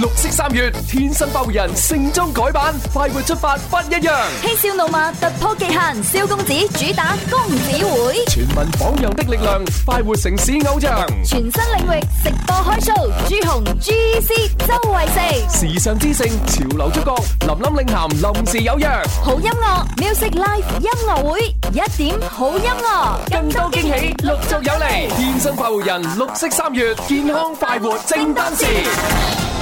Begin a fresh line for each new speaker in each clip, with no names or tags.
綠色三月，天生快活人盛裝改版，快活出發不一樣。
嬉笑怒罵突破極限，蕭公子主打恭喜會，
全民榜樣的力量，快活城市偶像。全
新領域直播開 show，朱紅、朱絲、周圍食，
時尚之盛，潮流出國，林林領銜，臨時有約。
好音樂，music life 音樂會，一點好音樂，更
多
驚喜陸續有嚟。天生快活人，綠色三月，健康快活正當
時。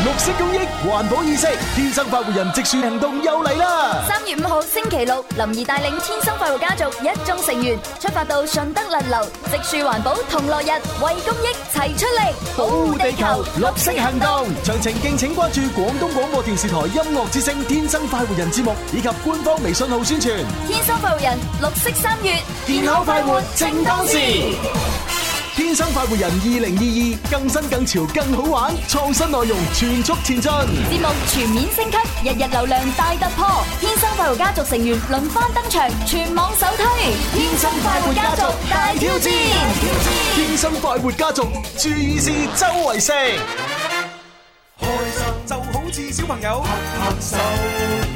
綠色公益、環保意識，天生快活人植樹行動又嚟啦！三
月五號星期六，林怡帶領天生快活家族一眾成員出發到順德勒流植樹環保同樂日，為公益齊出力，保護地球。
綠色行動，詳情敬請關注廣東廣播電視臺音樂之聲《天生快活人》節目以及官方微信號宣傳。
天生快活人，綠色三月，健康快活正當時。
天生快活人二零二二，更新更潮更好玩，創新內容全速前進，節
目全面升級，日日流量大突破，天生快活家族成員輪番登場，全網首推天生快活家族大
挑戰，天生快活家族注意事周圍食，開心就好似小朋友拍拍手。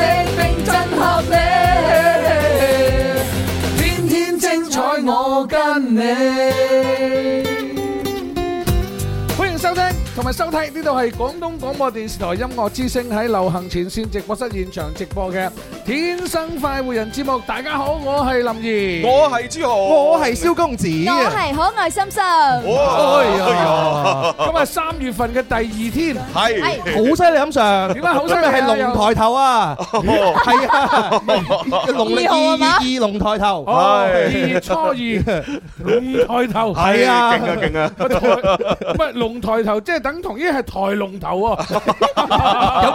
收睇呢度係廣東廣播電視台音樂之聲喺流行前線直播室現場直播嘅《天生快活人》節目。大家好，我係林怡，我係朱豪，我係蕭公子，我係
可愛心心。
哎呀，
今日三月份嘅第二天，係好犀利咁上，點解好犀利？今日係龍抬頭啊，係啊，農曆二月二龍抬頭，二月初二龍抬頭，係啊，勁啊勁啊！唔係龍抬頭，即係等。同依係抬龍頭，有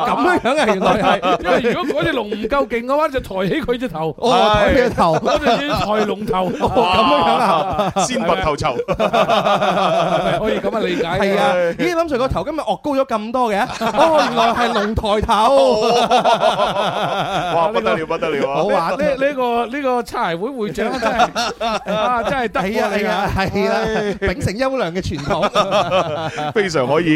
咁樣樣啊？原來係，因為如果嗰隻龍唔夠勁嘅話，就抬起
佢隻頭，抬起隻頭，嗰隻叫抬龍頭，咁樣樣啦，先拔頭籌，可以咁樣理解。係啊，
咦，諗住個頭今日惡高咗咁多嘅，
哦，原來係龍抬頭，
哇，不得了，不得了，哇，呢
呢個呢個差會會長真係啊，真係得啊，係啊，
係啦，秉承優良嘅傳統，
非常可以。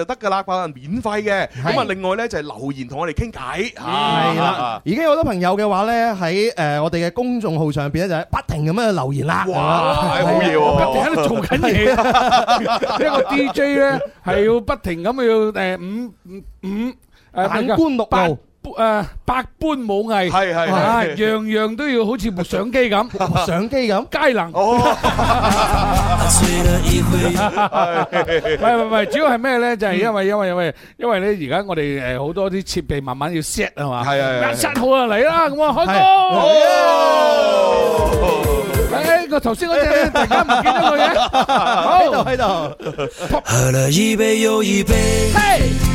就得噶啦，可能免費嘅。咁啊，另外咧就係留言同我哋傾偈。係啦，而家有好多朋友嘅話咧，喺
誒我哋嘅公眾號上邊咧，就不停咁樣留言啦。哇！好嘢喎，喺度做緊嘢。呢個 DJ 咧
係要不停咁要誒五五五眼觀六路。誒，百般武藝，係係，樣樣都要好似部相機咁，相機咁佳能。哦，唔係唔係，主要係咩咧？就係因為因為因為因為咧，而家我哋誒好多啲設備慢慢要 set 係嘛，係啊，set 好就嚟啦，咁啊，開！哎，個頭先嗰隻突然間唔見
到佢嘅，喺度喺度。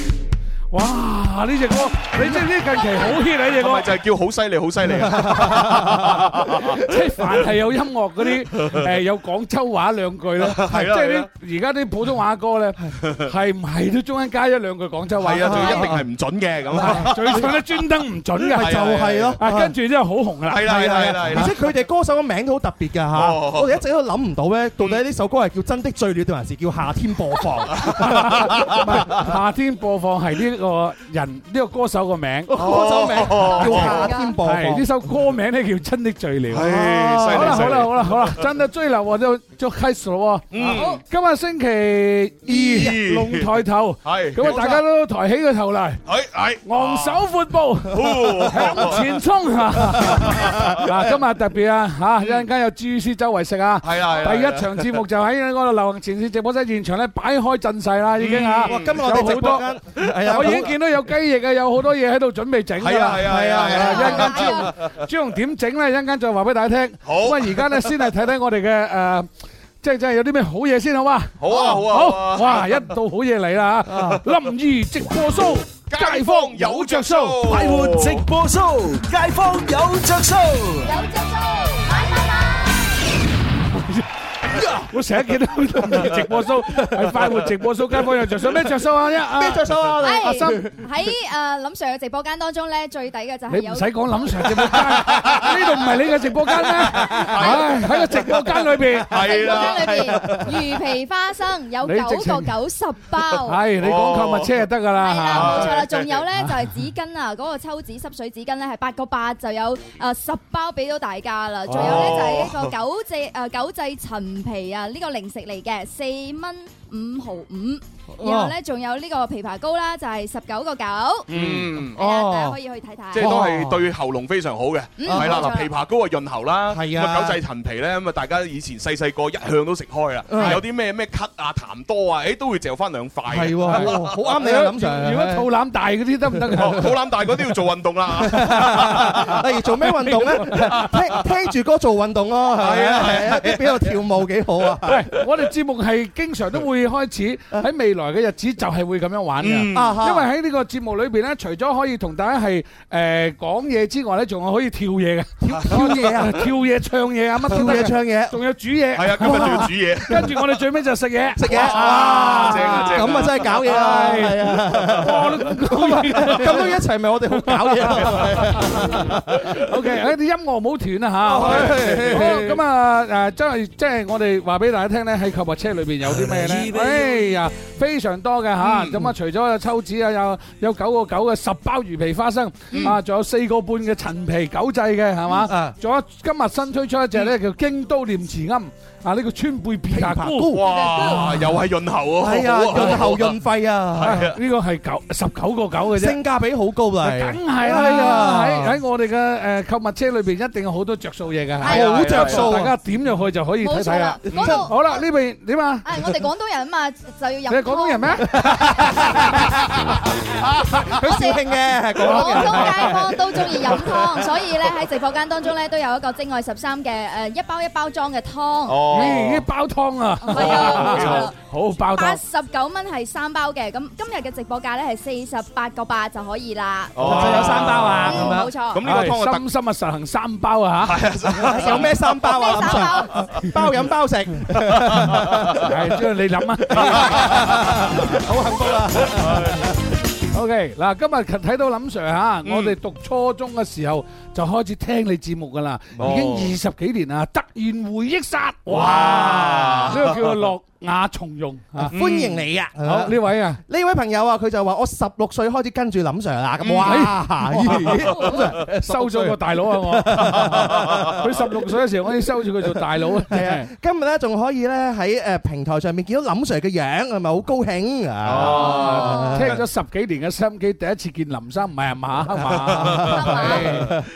哇！呢隻歌，
你知唔知近期好 hit 呢隻歌？就係叫好犀利，好犀利啊！即係凡係有音樂嗰啲，誒，有廣州話兩句咧，即係啲
而家啲普通話歌咧，係唔係都中間加一兩句廣州話？係啊，就一定係唔準嘅咁啊，最最咧專登唔準嘅就係咯。啊，跟住之後好紅啦，係啦係啦，而且佢哋歌
手嘅名都好特別嘅吓，我哋一直都諗唔到咧，到底呢首歌係叫真的醉了定還是叫夏天播放？
夏天播放係呢？個人呢個歌手個名，歌手名叫夏天寶，係呢首歌名咧叫《真的醉了》。好啦好啦好啦好啦，真的醉流我就就開始咯。嗯，今日星期二，龍抬頭，係咁啊！大家都抬起個頭嚟，係係昂首闊步向前衝。啊！今日特別啊，吓一陣間有 GEC 周圍食啊。係啊！第一場節目就喺我哋流行前線直播室現場咧擺開陣勢啦，已經啊。哇！今日我哋直播室係啊。已經見到有雞翼啊，有好多嘢喺度準備整啊，係啊係啊係啊！一陣間朱紅，朱紅點整咧？一陣間再話俾大家聽。好，咁啊，而家咧先係睇睇我哋嘅誒，即係即係有啲咩好嘢先，好嘛？好啊好啊！好哇！一到好嘢嚟啦吓，冧魚直播 show，街坊有着數，買活直播 show，街坊有着數，有着數，買買買。我成日見到直播 show，係快活直播 show，街坊有著數，咩著數啊？咩著數啊？係
喺誒林 Sir 嘅直播間當中咧，最抵嘅就係有，唔使
講，林 Sir 嘅直播間，呢度唔係你嘅直播間咩？喺個直播間裏邊，係啦，
魚皮花生有九個九十包，
係你講購物車就得㗎啦，係啦，冇錯啦，仲有咧就
係紙巾啊，嗰個抽紙濕水紙巾咧係八個八就有誒十包俾到大家啦，仲有咧就係呢個九製誒九製陳皮。皮啊，呢個零食嚟嘅，四蚊五毫五。然後咧仲有呢個枇杷膏啦，就係十九個九。嗯，
係啊，大家可以去睇睇。即係都係對喉嚨非常好嘅。係啦，枇杷膏啊潤喉啦。係啊，九製陳皮咧咁啊，大家以前細細個一向都食開啦。有啲咩咩咳啊痰多啊，誒都會嚼翻兩塊。係喎，好啱你啊，飲茶。如果肚腩大嗰啲得唔得啊？肚腩大嗰啲要做運動啦。例如做咩運動咧？
聽聽住歌做
運動咯。係啊係啊，喺邊度跳舞？幾好啊！唔係，我哋節目係經常都會開始，喺未來嘅日子就係會咁樣玩嘅，因為喺呢個節目裏邊咧，除咗可以同大家係誒講嘢之外咧，仲有可以跳嘢嘅，跳嘢啊！跳嘢、唱嘢啊！乜跳嘢、唱嘢，仲有煮嘢。係啊，今日仲要煮嘢。跟住我哋最尾就食嘢，食嘢啊！咁啊，真係搞嘢啊！係啊！咁多一齊咪我哋好搞嘢啊！OK，啲音樂唔好斷啊！嚇，好咁啊！誒，真係即係我。我哋話俾大家聽呢喺購物車裏邊有啲咩呢？哎呀，非常多嘅吓！咁啊、嗯，除咗有抽紙啊，有有九個九嘅十包魚皮花生啊，仲、嗯、有四個半嘅陳皮九製嘅，係嘛、嗯？啊，仲有今日新推出一隻呢，叫京都念慈庵。啊！呢個川貝枇杷膏，哇！又係潤喉啊，係啊，潤喉潤肺啊，係啊！呢個係九十九個九嘅啫，性價比好高啦，梗係啦，係啊！喺喺我哋嘅誒購物車裏邊一定有好多著數嘢嘅，係啊，好著數，大家點入去就可以睇睇啊！好啦，呢邊點啊？誒，我哋廣東人啊嘛，就要飲。你係廣東人咩？
我哋
聽嘅廣東街坊都中意飲湯，所
以咧喺直播間當中咧都有一個精愛十三嘅誒一包一包裝嘅湯。咦，
包湯啊，係啊，冇錯，好包八十
九蚊係三包嘅，咁今日嘅直播價咧係四十八個八就可以啦，
就有三包啊，冇錯，咁呢個湯真心啊實行三包啊吓，有咩三包啊，三包包飲包食，係，即係你諗啊，好幸福啊！O.K. 嗱，今日睇到林 Sir 啊，我哋讀初中嘅時候就開始聽你節目噶啦，已經二十幾年啦，突然回憶殺，哇！所以叫做樂。阿從容，歡迎你啊！好呢
位啊，呢位朋友啊，佢就話我十六歲開始跟住林 Sir 啦。咁哇，林 Sir
收咗個大佬啊我。佢十六歲嘅時候，我已收住佢做大佬。係
啊，今日咧仲可以咧喺誒平台上面見到林 Sir 嘅樣，
係咪好高興啊？哦，聽咗十幾年嘅收音機，第一次見林生，唔係嘛？係嘛？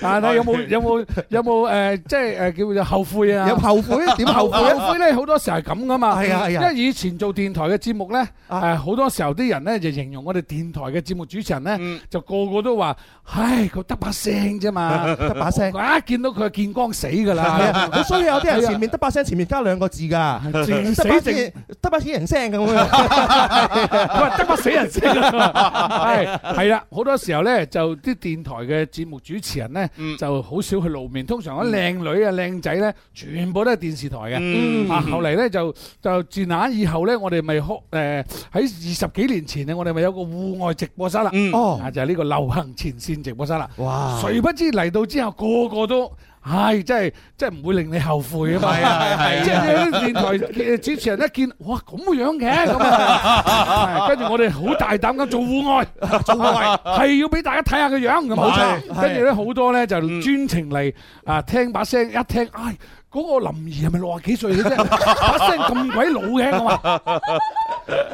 但係有冇有冇有冇誒，即係誒叫後悔啊？有後悔？點後悔？後悔咧好多時候係咁噶嘛？係啊係。因為以前做電台嘅節目咧，誒好多時候啲人咧就形容我哋電台嘅節目主持人咧，就個個都話，唉，佢得把聲啫嘛，得把聲。一見到佢見光死㗎啦！所以有啲人前
面得把聲，前面加兩個字㗎，得把聲，
得把死人聲咁樣，得把死人聲。係係啦，好多時候咧，就啲電台嘅節目主持人咧，就好少去露面。通常嗰啲靚女啊、靚仔咧，全部都係電視台嘅。啊，後嚟咧就就接。嗱，以後咧，我哋咪開誒喺二十幾年前呢，我哋咪有個戶外直播室啦。哦，就係呢個流行前線直播室啦。哇！誰不知嚟到之後，個個都唉，真係真係唔會令你後悔啊嘛。係係啊！即係啲電台主持人一見，哇咁嘅樣嘅，跟住我哋好大膽咁做戶外，做戶外係要俾大家睇下個樣，啊，樣。好，跟住咧好多咧就專程嚟啊聽把聲，一聽，唉。嗰個林怡係咪六啊幾歲嘅啫？把聲咁鬼老嘅，我話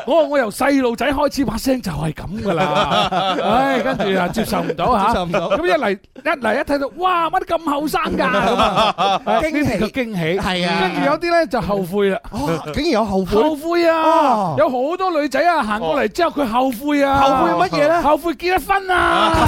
我我由細路仔開始把聲就係咁噶啦，唉，跟住啊接受唔到吓，接受唔到。咁一嚟一嚟一睇到，哇，乜啲咁後生㗎？驚喜個驚喜，係啊。跟住有啲咧就後悔啦，哇，竟然有後悔。後悔啊，有好多女仔啊，行過嚟之後佢後悔啊，後悔乜嘢咧？後悔結咗婚啊！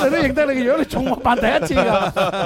我哋都認得你嘅樣，你仲話扮第一次㗎，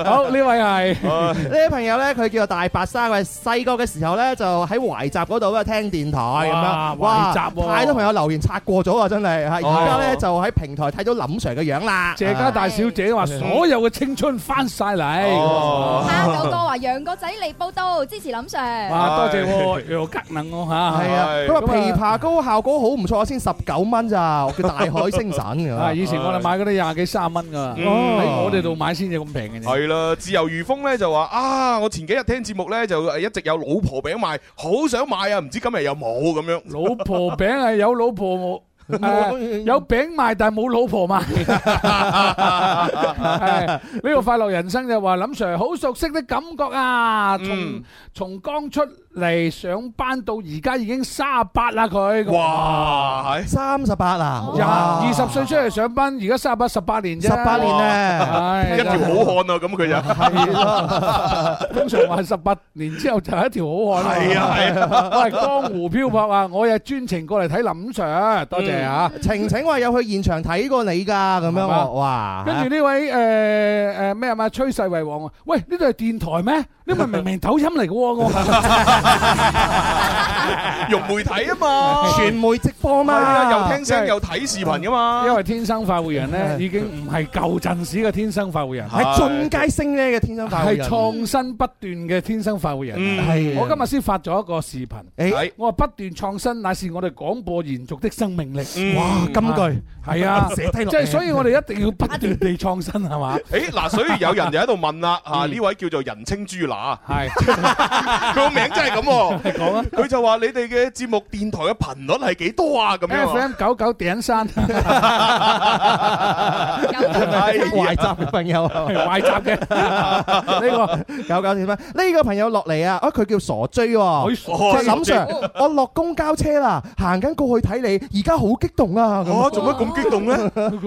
好，呢位係
呢位朋友咧，佢叫做大白沙，佢細個嘅時候咧就喺懷集嗰度咧聽電台咁樣，哇懷集，太多朋友留言擦過咗啊，真係嚇！而家咧就喺平台睇到林 Sir 嘅樣啦，謝家大小姐話所
有嘅青春翻曬嚟，下晝
哥話楊國仔嚟報到，支持林 Sir，哇多
謝，又夾能我嚇，係啊，佢話枇
杷膏效果好唔錯，先十九蚊咋，叫大海星辰嘅，啊以前我哋買
嗰啲廿幾卅蚊。噶喺、嗯嗯、我哋度買先至咁平
嘅啫。係啦，自由如風咧就話啊，我前幾日聽節目咧就一直有老婆餅賣，好想買啊，唔知今日有冇咁樣？老
婆餅係有老婆，冇、 嗯啊？有餅賣，但係冇老婆賣。呢個快樂人生就話林 Sir 好熟悉的感覺啊，從從剛出。嚟上班到而家已經三十八啦佢，哇，三十八啊，廿二十歲出嚟上班，而家三十八十八
年啫，十八年啊，一條好漢啊咁佢就，
通常話十八年之後就係一條好漢，係啊係啊，我係江湖漂泊啊，我又專程過嚟睇林 sir，多謝啊，晴晴話有去現場睇過你㗎咁樣，哇，跟住呢位誒誒咩啊嘛，趨勢為王，喂呢度係電台咩？你咪明明抖音嚟㗎喎用媒體啊嘛，
傳媒直播嘛，又聽聲又睇視頻噶嘛。
因為天生快活人咧，已經唔係舊陣時嘅天生快活人，係進階升呢嘅天生快活人，係創新不斷嘅天生快活人。係我今日先發咗一個視頻，誒，我話不斷創新，乃是我哋
廣播延續的生命力。哇，金句係啊，寫低落，即係所以我哋
一定要不斷地創新係嘛。誒，嗱，所以有
人就喺度問啦，啊，呢位叫做人稱豬乸，係，個名真係。咁喎，你講啊！佢就話：你哋嘅節目電台嘅頻
率係幾多啊？咁 F M 九九點三、嗯，懷集嘅朋友壞、這個，懷集嘅呢個九九點三。呢個朋友落嚟啊！啊，佢叫傻追、喔，即係沈 Sir。我落、哦、公交車啦，行緊過去睇你，而家好激動啊！我做乜咁激動咧？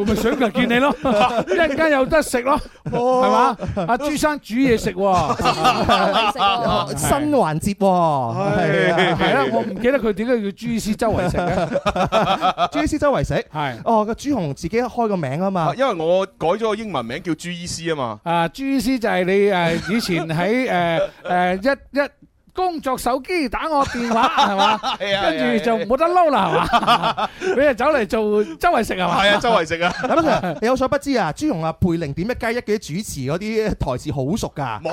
咪
想人見你咯，一陣間有得食咯，係嘛、啊？阿、啊、朱生煮嘢食喎，啊、新環節喎。哦，係，係啦，我唔記得佢點解叫朱醫師周
圍食嘅。朱醫師周圍食，係， 是的 哦，個朱紅自己開個名啊嘛，因為我
改咗個英文名叫朱醫師啊嘛，
啊，朱醫師就係你誒，以前喺誒誒一
一。一工作手機打我電話係嘛？跟住就冇得
撈啦係嘛？畀人走嚟做周圍食係嘛？係啊，周圍食啊！你有所不知
啊，朱容啊背零點一加一嗰啲主持嗰啲台詞好熟噶，冇，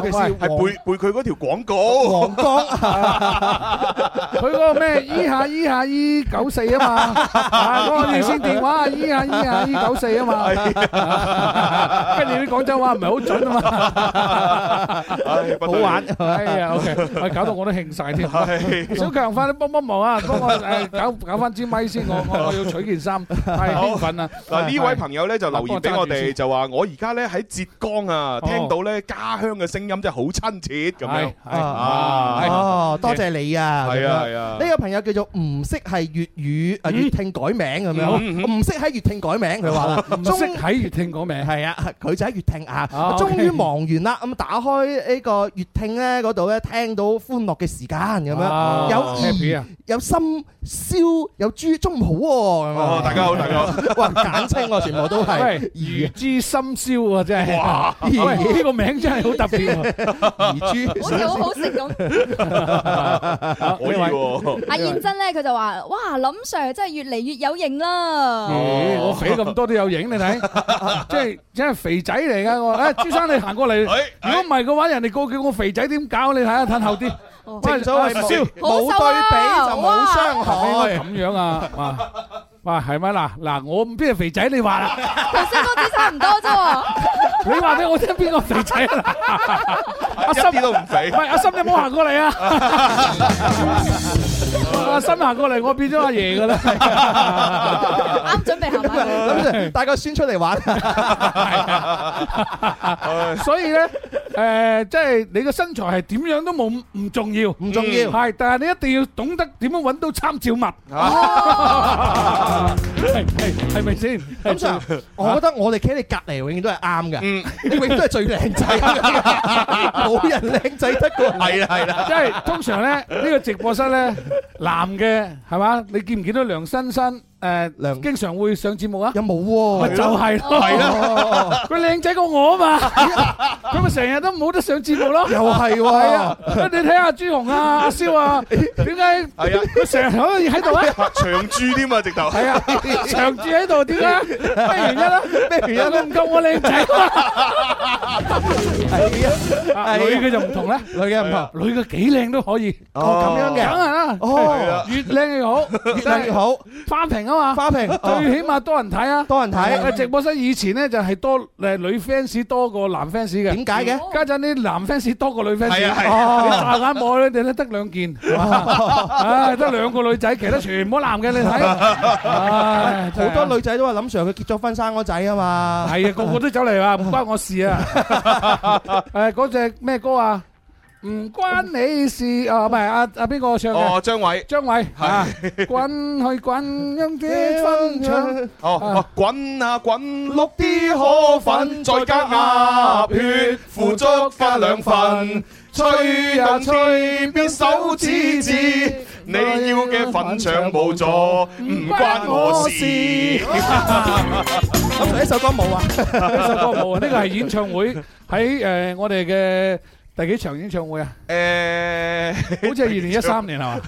係背背佢嗰條廣告，講佢嗰個咩？E 下 E
下 E 九四啊嘛，嗰個預先電話啊 E 下 E 下 E 九四啊嘛，跟住啲廣州話唔係好準啊嘛，好玩，係啊。
我搞到我都興曬添，小
強，翻啲幫幫忙啊！幫我誒搞搞翻支咪先，我我我要取件衫，太興奮啦！嗱，呢位朋友咧就留言
俾我哋，就話我而家咧喺浙江啊，聽到咧家鄉嘅聲音真係好親切咁樣。啊，多謝你啊！係啊係啊！呢個
朋友叫做唔識係粵語啊，粵聽改名咁樣，唔識喺粵聽改名，佢話啦，唔識喺粵聽改名，係啊，佢就喺粵聽啊，終於忙完啦，咁打開呢個粵聽咧嗰度咧聽。聽到歡樂嘅時間咁樣，有魚有心燒有豬，都唔好喎。哦，大家好，
大家，哇，簡稱啊，全部都係
魚
豬心燒啊，真係哇！喂，呢個名真係好特別，魚豬可以好好食咁。可以喎。阿燕
真咧，佢就話，哇，林 Sir 真係越嚟越有型啦！
我肥咁多都有型，你睇，即係真係肥仔嚟噶。誒，朱生你行過嚟，如果唔係嘅話，人哋個叫我肥仔點搞？你睇一睇。瘦啲，真係所謂唔冇對比就冇傷害，咁哇樣啊？哇哇，係咪嗱嗱？我邊係肥仔？你話，頭先
啲差唔多啫
喎，啊，你話俾我聽邊個肥仔啊？阿心都唔肥，喂，阿，啊啊、心，你有冇行過嚟啊！ 阿新行過嚟，我變咗阿爺噶啦，啱準備行，咁就大家先出嚟玩。所以咧，誒，即係你嘅身材係點樣都冇唔重要，唔重要。係，但係你一定要懂得點樣搵到參照物。係係係咪先？咁就我覺得我哋企你隔籬，永遠都係啱嘅。嗯，你永遠都係最靚仔，
冇
人靚仔得過你。係啦係啦，即係通常咧呢個直播室咧。男嘅係嘛？你見唔見到梁新新？誒，梁經常會上節目啊？有冇？咪就係咯，係咯，佢靚仔過我啊嘛，咁咪成日都冇得上節目咯。又係喎，你睇下朱紅啊，阿蕭啊，點解？係啊，佢成日可以喺度
啊，長住添啊，直頭係啊，長住喺度，點解？咩原因咧？咩原因？都唔夠我靚仔
啊！係啊，女嘅就唔同咧，女嘅唔同，女嘅幾靚都可以，咁樣嘅，梗係啦，哦，越靚越好，越靚越好，花瓶。花瓶最起碼多人睇啊，多人睇。直播室以前咧就係多誒女 fans 多過男 fans 嘅，點解嘅？家陣啲男 fans 多過女 fans，你大家望你哋咧得兩件，唉，得兩個女仔，其他全部男嘅，你
睇。好多女仔都話林 sir 佢結咗婚生咗仔啊嘛。
係啊，個個都走嚟話，唔關我事啊。誒，嗰隻咩歌啊？唔關你事哦，唔係阿阿邊個唱嘅？哦，張偉，張偉係滾去滾擁啲粉腸
哦，滾啊滾，碌啲河粉再加鴨血，腐竹加兩份，吹啊吹，邊手指指，你要嘅粉腸冇咗，唔關我事。咁第一首歌冇啊？呢首歌冇啊？呢個係演唱會
喺誒我哋嘅。第幾場演唱會啊？誒，好似係二零一三年係嘛？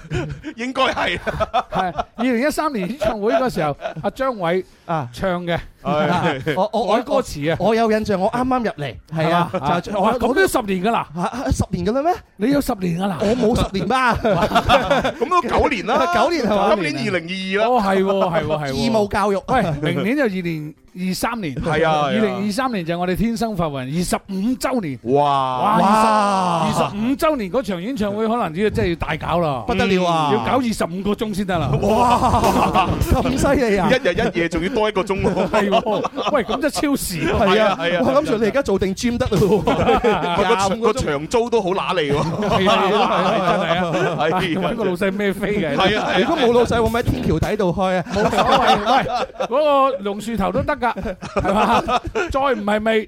應該係，係二零一三年演唱會嗰時候，阿張偉啊唱嘅，我我改歌詞啊，我有印象，我啱啱入嚟
係啊，就咁都
十年㗎啦，十年㗎啦咩？你有十年㗎啦？我冇十年啦，
咁都九年啦，九年係嘛？今年二零二二啦，哦，係喎，係喎，係喎，義務教
育，喂，明年就二零。二三年係啊，二零二三年就係我哋天生發運二十五周年。
哇哇，二十
五周年嗰場演唱會可能要真係要大搞啦，不得了啊！要搞二十五個鐘先得啦。哇，
咁犀利啊！一日
一夜仲要多一個鐘。係，喂，咁即超時。係啊係啊，我諗住你而家做定 jam 得咯。個個場租都好揦脷。係啊係啊係啊，係邊個老細咩飛嘅？係啊，如果冇老細，
我
咪喺天橋底度開啊。冇所謂，喂，嗰個榕樹頭都得。係嘛？再唔係咪？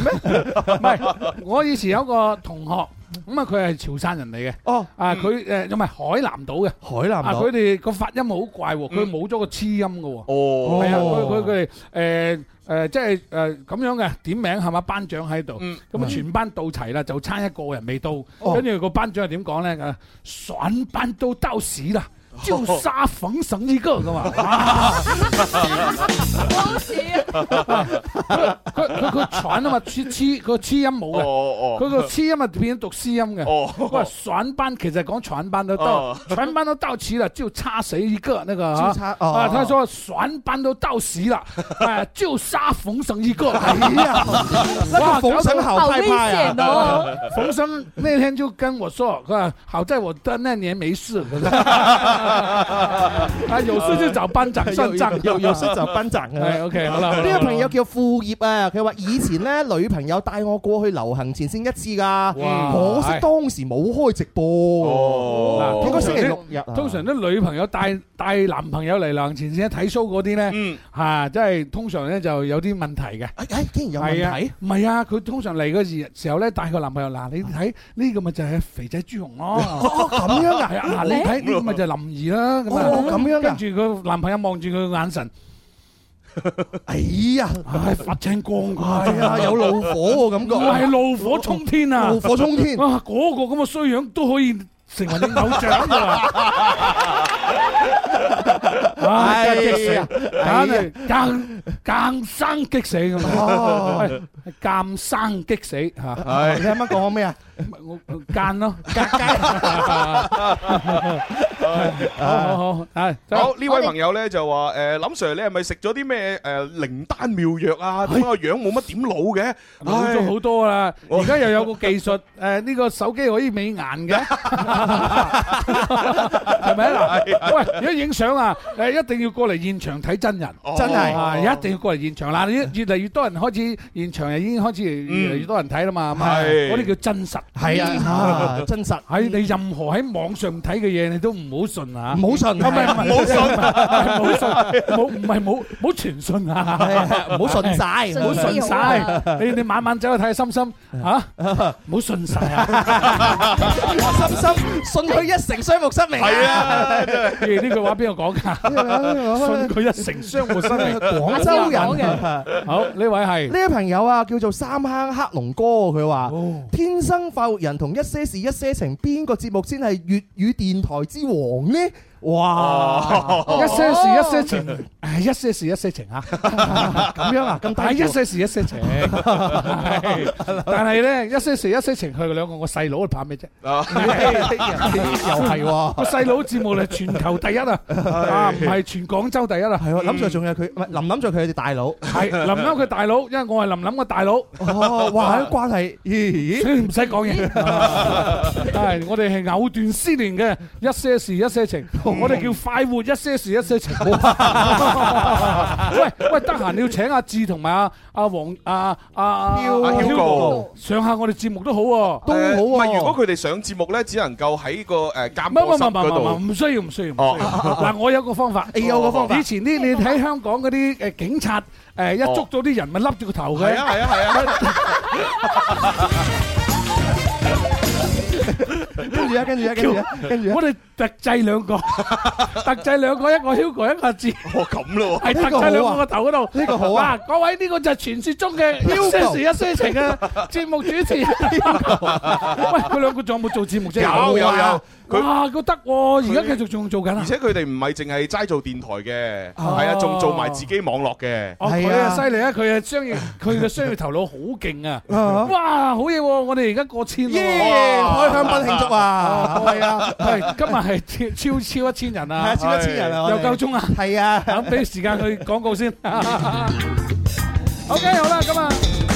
咩？唔係，我以前有個同學，咁啊佢係潮汕人嚟嘅。哦，啊佢誒，又係海南島嘅海南島。啊，佢哋個發音好怪，佢冇咗個黐音嘅。哦，係啊，佢佢佢哋誒誒，即係誒咁樣嘅點名係嘛？班長喺度，咁啊全班到齊啦，就差一個人未到。跟住個班長係點講咧？啊，全班都兜屎啦！就殺馮神一個，係嘛？恭、啊、喜！佢佢佢全嘛？黐黐佢黐音冇嘅，個黐、oh, oh, oh, 音啊變讀詩音嘅。全、oh, oh, oh, 班其實講全班都到，oh, 全班都到齊啦，就差誰一個那個啊。就差 oh, 啊，他說全班都到齊啦、 啊，就殺馮神一個。哎呀， 哇， 哦、馮神好害怕呀！馮生那天就跟我說：，啊、好在我在那年沒事。阿肉叔就奔站，新站，阿肉叔就奔站嘅。O K，好啦，呢個朋友
叫副業啊，佢話以前咧女朋友帶我過去流行前線一次噶，可惜當時冇開直播。嗱，佢嗰星期六
日，通常啲女朋友帶帶男朋友嚟流行前線睇 show 嗰啲咧，吓，即係通常咧就有啲問題嘅。哎哎，竟然有問題？唔係啊，佢通常嚟嗰時時候咧帶個男朋友，嗱，你睇呢個咪就係肥仔豬紅咯。哦，咁樣啊？嗱，你睇呢個咪就係林。啦，跟住佢男朋友望住佢個眼神，哎呀，發青光啊，有怒火嘅感覺，係怒火沖天啊，怒火沖天，哇，嗰個咁嘅衰樣都可以成為你偶像㗎啦，激死啊，真係更更生激死咁啊！奸生激死嚇，你聽乜講咩啊？奸咯，
好，好，
好，好呢位朋友咧，就話誒，林 sir 你係咪食咗啲咩誒靈丹妙藥啊？點解個樣冇乜點老嘅？老咗好多啦，而家又有個技術誒，呢個手機可以美
顏嘅，係咪啊？嗱，喂，如果影相啊，誒一定要過嚟現場睇真人，真係一定要過嚟現場啦！越越嚟越多人開始現場。已經開始越嚟越多人睇啦嘛，係嗰啲叫真實，係啊，真實。喺你任何喺網上睇嘅嘢，你都唔好信啊，唔好信，唔係唔好信，唔好信，唔唔係唔好唔好全信啊，唔好信晒，唔好信晒。你你慢慢走去睇，深深吓，唔好信晒
啊，深深信佢一成雙目失明。
係啊，呢句話邊個講噶？信佢一成雙目失明。廣州人，好，呢位係呢
位朋友啊。叫做三坑黑龍哥，佢話：哦、天生快活人同一些事一些情，邊個節目先係粵語電台之王呢？哇！一些事一些情，
唉，一些事一些情啊，咁樣啊，咁大，係一些事一些情，但係咧，一些事一些情，佢兩個我細佬怕咩啫？又係個細佬節目嚟，全球第一啊，唔係
全廣州第一啊，係諗住仲有佢，唔係林林住佢係大佬，係林林
佢大佬，因為我係林林個大佬，哇，啲關係，咦，唔使講嘢，但係我哋係藕斷絲連嘅一些事一些情。我哋叫快活一些事一些情，喂喂，得閒你要請阿志同埋阿阿黃阿阿，
上下我哋節目都好喎，都好喎。乜？如果佢哋上節目咧，只能夠喺個誒監控嗰度，唔需要唔需要唔需要？哦，
嗱，我有個方法，有個方法。以前啲你睇香港嗰啲誒警察誒一捉咗啲人咪笠住個頭嘅，
係啊係啊係啊。
跟住啊，跟住啊，跟住啊，跟住，啊、 我哋特製兩個， 特製兩個，一個 Hugo 一個字、 哦。哦咁咯，係特製兩個個頭嗰度。呢個好啊！各位呢、這個就係傳說中嘅一些情啊，一些情啊，節目主持、啊。 喂，佢兩個仲有冇做
節目啫？有、啊、有、啊、有、啊。佢啊，佢得喎，而家繼續仲做緊喇！而且佢哋唔係淨係齋做電台嘅，係啊，仲做埋自己網絡嘅。哦，係啊，犀
利 啊！佢 啊，商業佢嘅商業頭腦好勁啊！哇，好嘢喎！我哋而家過千人，開、yeah, 香檳慶祝啊！係 啊，係、啊、今日係超超超一千人啊！係 啊，超一千人啊！又夠鐘啊！係啊，等俾時間去廣告先。OK，
好啦，今日。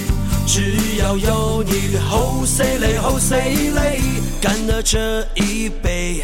只要有你，好犀利，好犀利，乾了這一杯。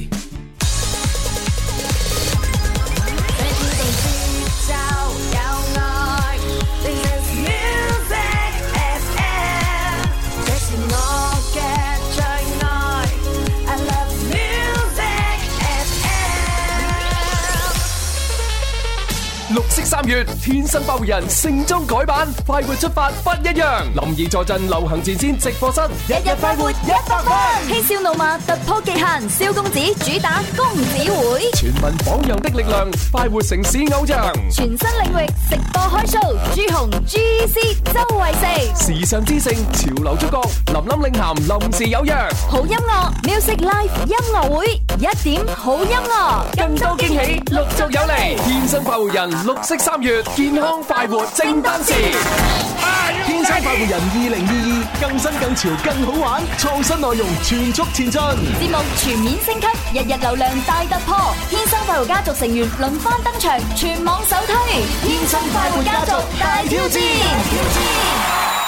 三月天生髮護人盛裝改版，快活出發不一樣。林儀坐鎮流行前線直播室，日日快活一百分。嬉
笑怒罵突破極限，蕭公子主打公子會。
全民榜樣的力量，快活城市偶像。全
新領域直播開 show，朱紅、GEC、周圍食。
時尚之盛，潮流觸角，林林領銜臨時有約。
好音樂，music live 音樂會，一點好音樂，更多驚喜陸續有嚟。
天生髮護人綠色三月健康快活正當
時，
天生快活人2022更新更潮更好玩，創新內容全速
前進，節目全面升級，日日流量大突破，天生快活家族成員輪番登場，全網首推天生快活家族大挑戰。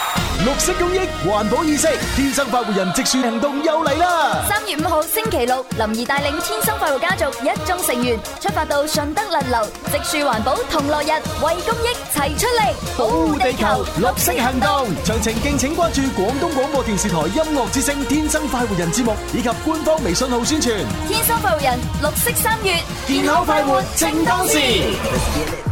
綠色公益、環保意識，天生快活人植樹行動又嚟啦！三
月五號星期六，林怡帶領天生快活家族一眾成員出發到順德勒流植樹環保同樂日，為公益齊出力，保護地球
綠色行動。詳情敬請關注廣東廣播電視台音樂之聲天生快活人節目以及官方微信號宣傳。
天生快活人，綠色三月，健康快活正
當時。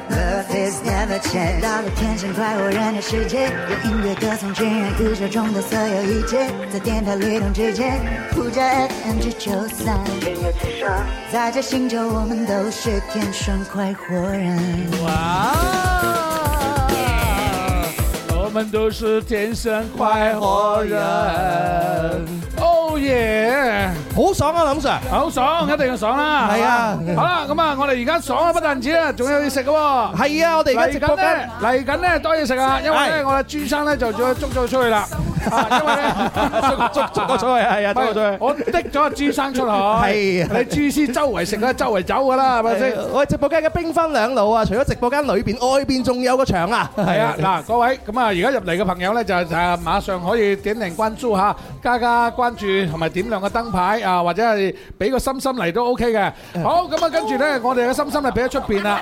Love is never checked，到了天生快活人的世界，用 Yeah. 音樂歌頌巨人宇宙 Yeah. 中的所有一切，在電台律動之間，呼着 FM 之九三，音樂之聲，在這星球我們都是天生快活人。哇。我們都是天
生快活人。Oh, yeah. 好爽啊，林 Sir，好爽，一定要爽啦。係啊，吧好啦，咁啊，我哋而家爽啊，不但止啦，仲有嘢食嘅。係啊，我哋而家嚟緊咧，嚟緊咧多嘢食啊，因為咧是我嘅朱生咧就再捉咗出去啦。哦哦哦哦哦因為咧捉捉捉佢係啊，捉佢，我的咗阿朱生出去。係，
你朱師周圍食啊，周圍走噶啦，係咪先？我直播間嘅兵分兩路啊，除咗直播間裏邊，外
邊仲有個場啊。係啊，嗱，各位，咁啊，而家入嚟嘅朋友咧，就就馬上可以點亮關注吓，加加關注，同埋點亮個燈牌啊，或者係俾個心心嚟都 OK 嘅。好，咁啊，跟住咧，我哋嘅心心啊，俾咗出邊啦。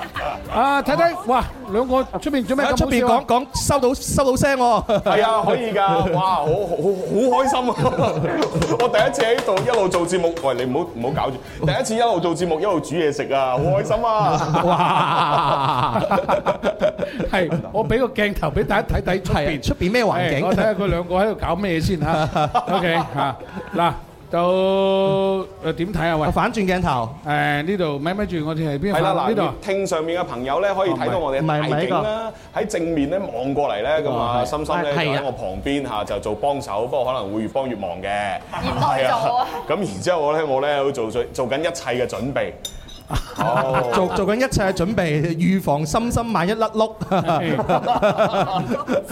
啊，睇睇，哇，兩個出邊
做咩？咁出邊講
講，收到收到聲。
係啊，可以噶。啊！
我好好，好開心啊！ 我第一次喺度一路做節目，喂你唔好唔好搞住！第一次一路做節目一路煮嘢食啊，好開心啊！哇！
係，我俾個鏡頭俾大家睇睇出邊，出邊咩環境？我睇下佢兩個喺度搞咩先吓。 OK 吓、啊、嗱。就誒點睇啊？喂，反轉鏡頭誒呢度，咪咪住我哋係邊度？呢度
廳上面嘅朋友咧，可以睇到我哋背景啦。喺正面咧望過嚟咧，咁啊，心心咧的就喺我旁邊嚇，就做幫手，不過可能會越幫越忙嘅。原來做啊！咁的的然之後我咧，我咧喺度做做緊一切嘅準備。哦， 做做
緊一切準備，預防心心萬一甩碌，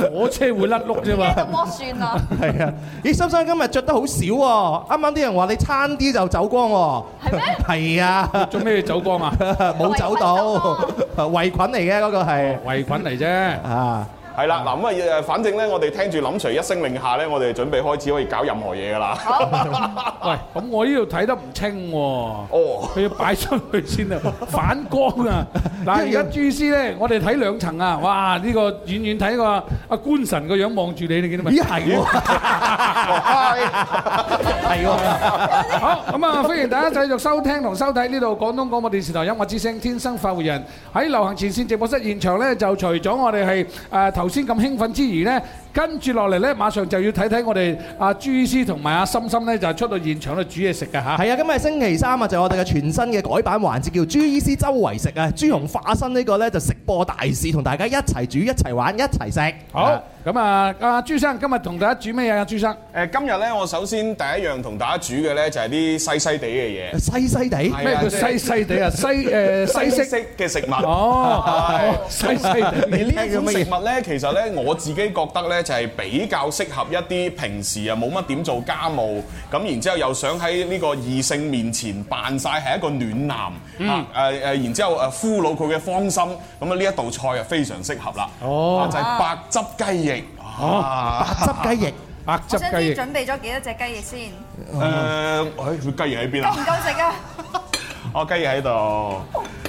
火車會甩碌啫嘛， 算啦？
係
啊 嗎，咦 嗎，心心今日着得好少喎，啱啱啲人話你差啲就走光喎，係
咩？係啊，做咩要走光啊？冇走到， 圍裙嚟嘅嗰個係、哦，圍裙嚟啫 啊。係啦，嗱咁啊，誒，反正咧，我哋聽住林 Sir 一聲令下咧，我哋準備開始可以搞任何嘢㗎啦。
喂，咁我呢度睇得唔清喎，佢要擺出去先啊，反光啊！嗱，而家 GEC 咧，我哋睇兩層啊，哇！呢個遠遠睇個阿官神個樣望住你，你見到未？咦係喎，係喎，好咁啊！歡迎大家繼續收聽同收睇呢度廣東廣播電視台音樂之聲天生發福人喺流行前線直播室現場咧，就除咗我哋係誒投。頭先咁興奮之餘咧。跟住落嚟咧，馬上就要睇睇我哋阿朱醫師同埋阿心心咧，就係出到現場去煮嘢食㗎吓。係啊，今日星期三啊，就係我哋嘅
全新嘅改版環節，叫朱醫師周圍食啊，朱紅化身呢個咧就食播大使，同大
家一齊煮、一齊玩、一齊食。好，咁啊，阿朱生今日同大家煮咩嘢啊？朱生誒，今日咧我首先第一樣同大家煮嘅咧就係啲西西地嘅嘢。西西地，咩叫西西地啊？西誒西式嘅食物哦，係西西地。而呢一種食物咧，其實咧我自己覺得咧。就係比較適合一啲平時啊冇乜點做家務，咁然之後，後又想喺呢個異性面前扮晒係一個暖男，嗯、啊誒誒，然之後誒俘虜佢嘅芳心，咁啊呢一道菜啊非常適合啦，哦、就係白汁雞翼，哦哦、翼，白汁雞翼，白汁雞翼。我想準
備咗幾多隻雞翼先？
誒、呃，誒、哎，佢雞翼喺邊啊？夠唔夠食啊？我雞翼喺度。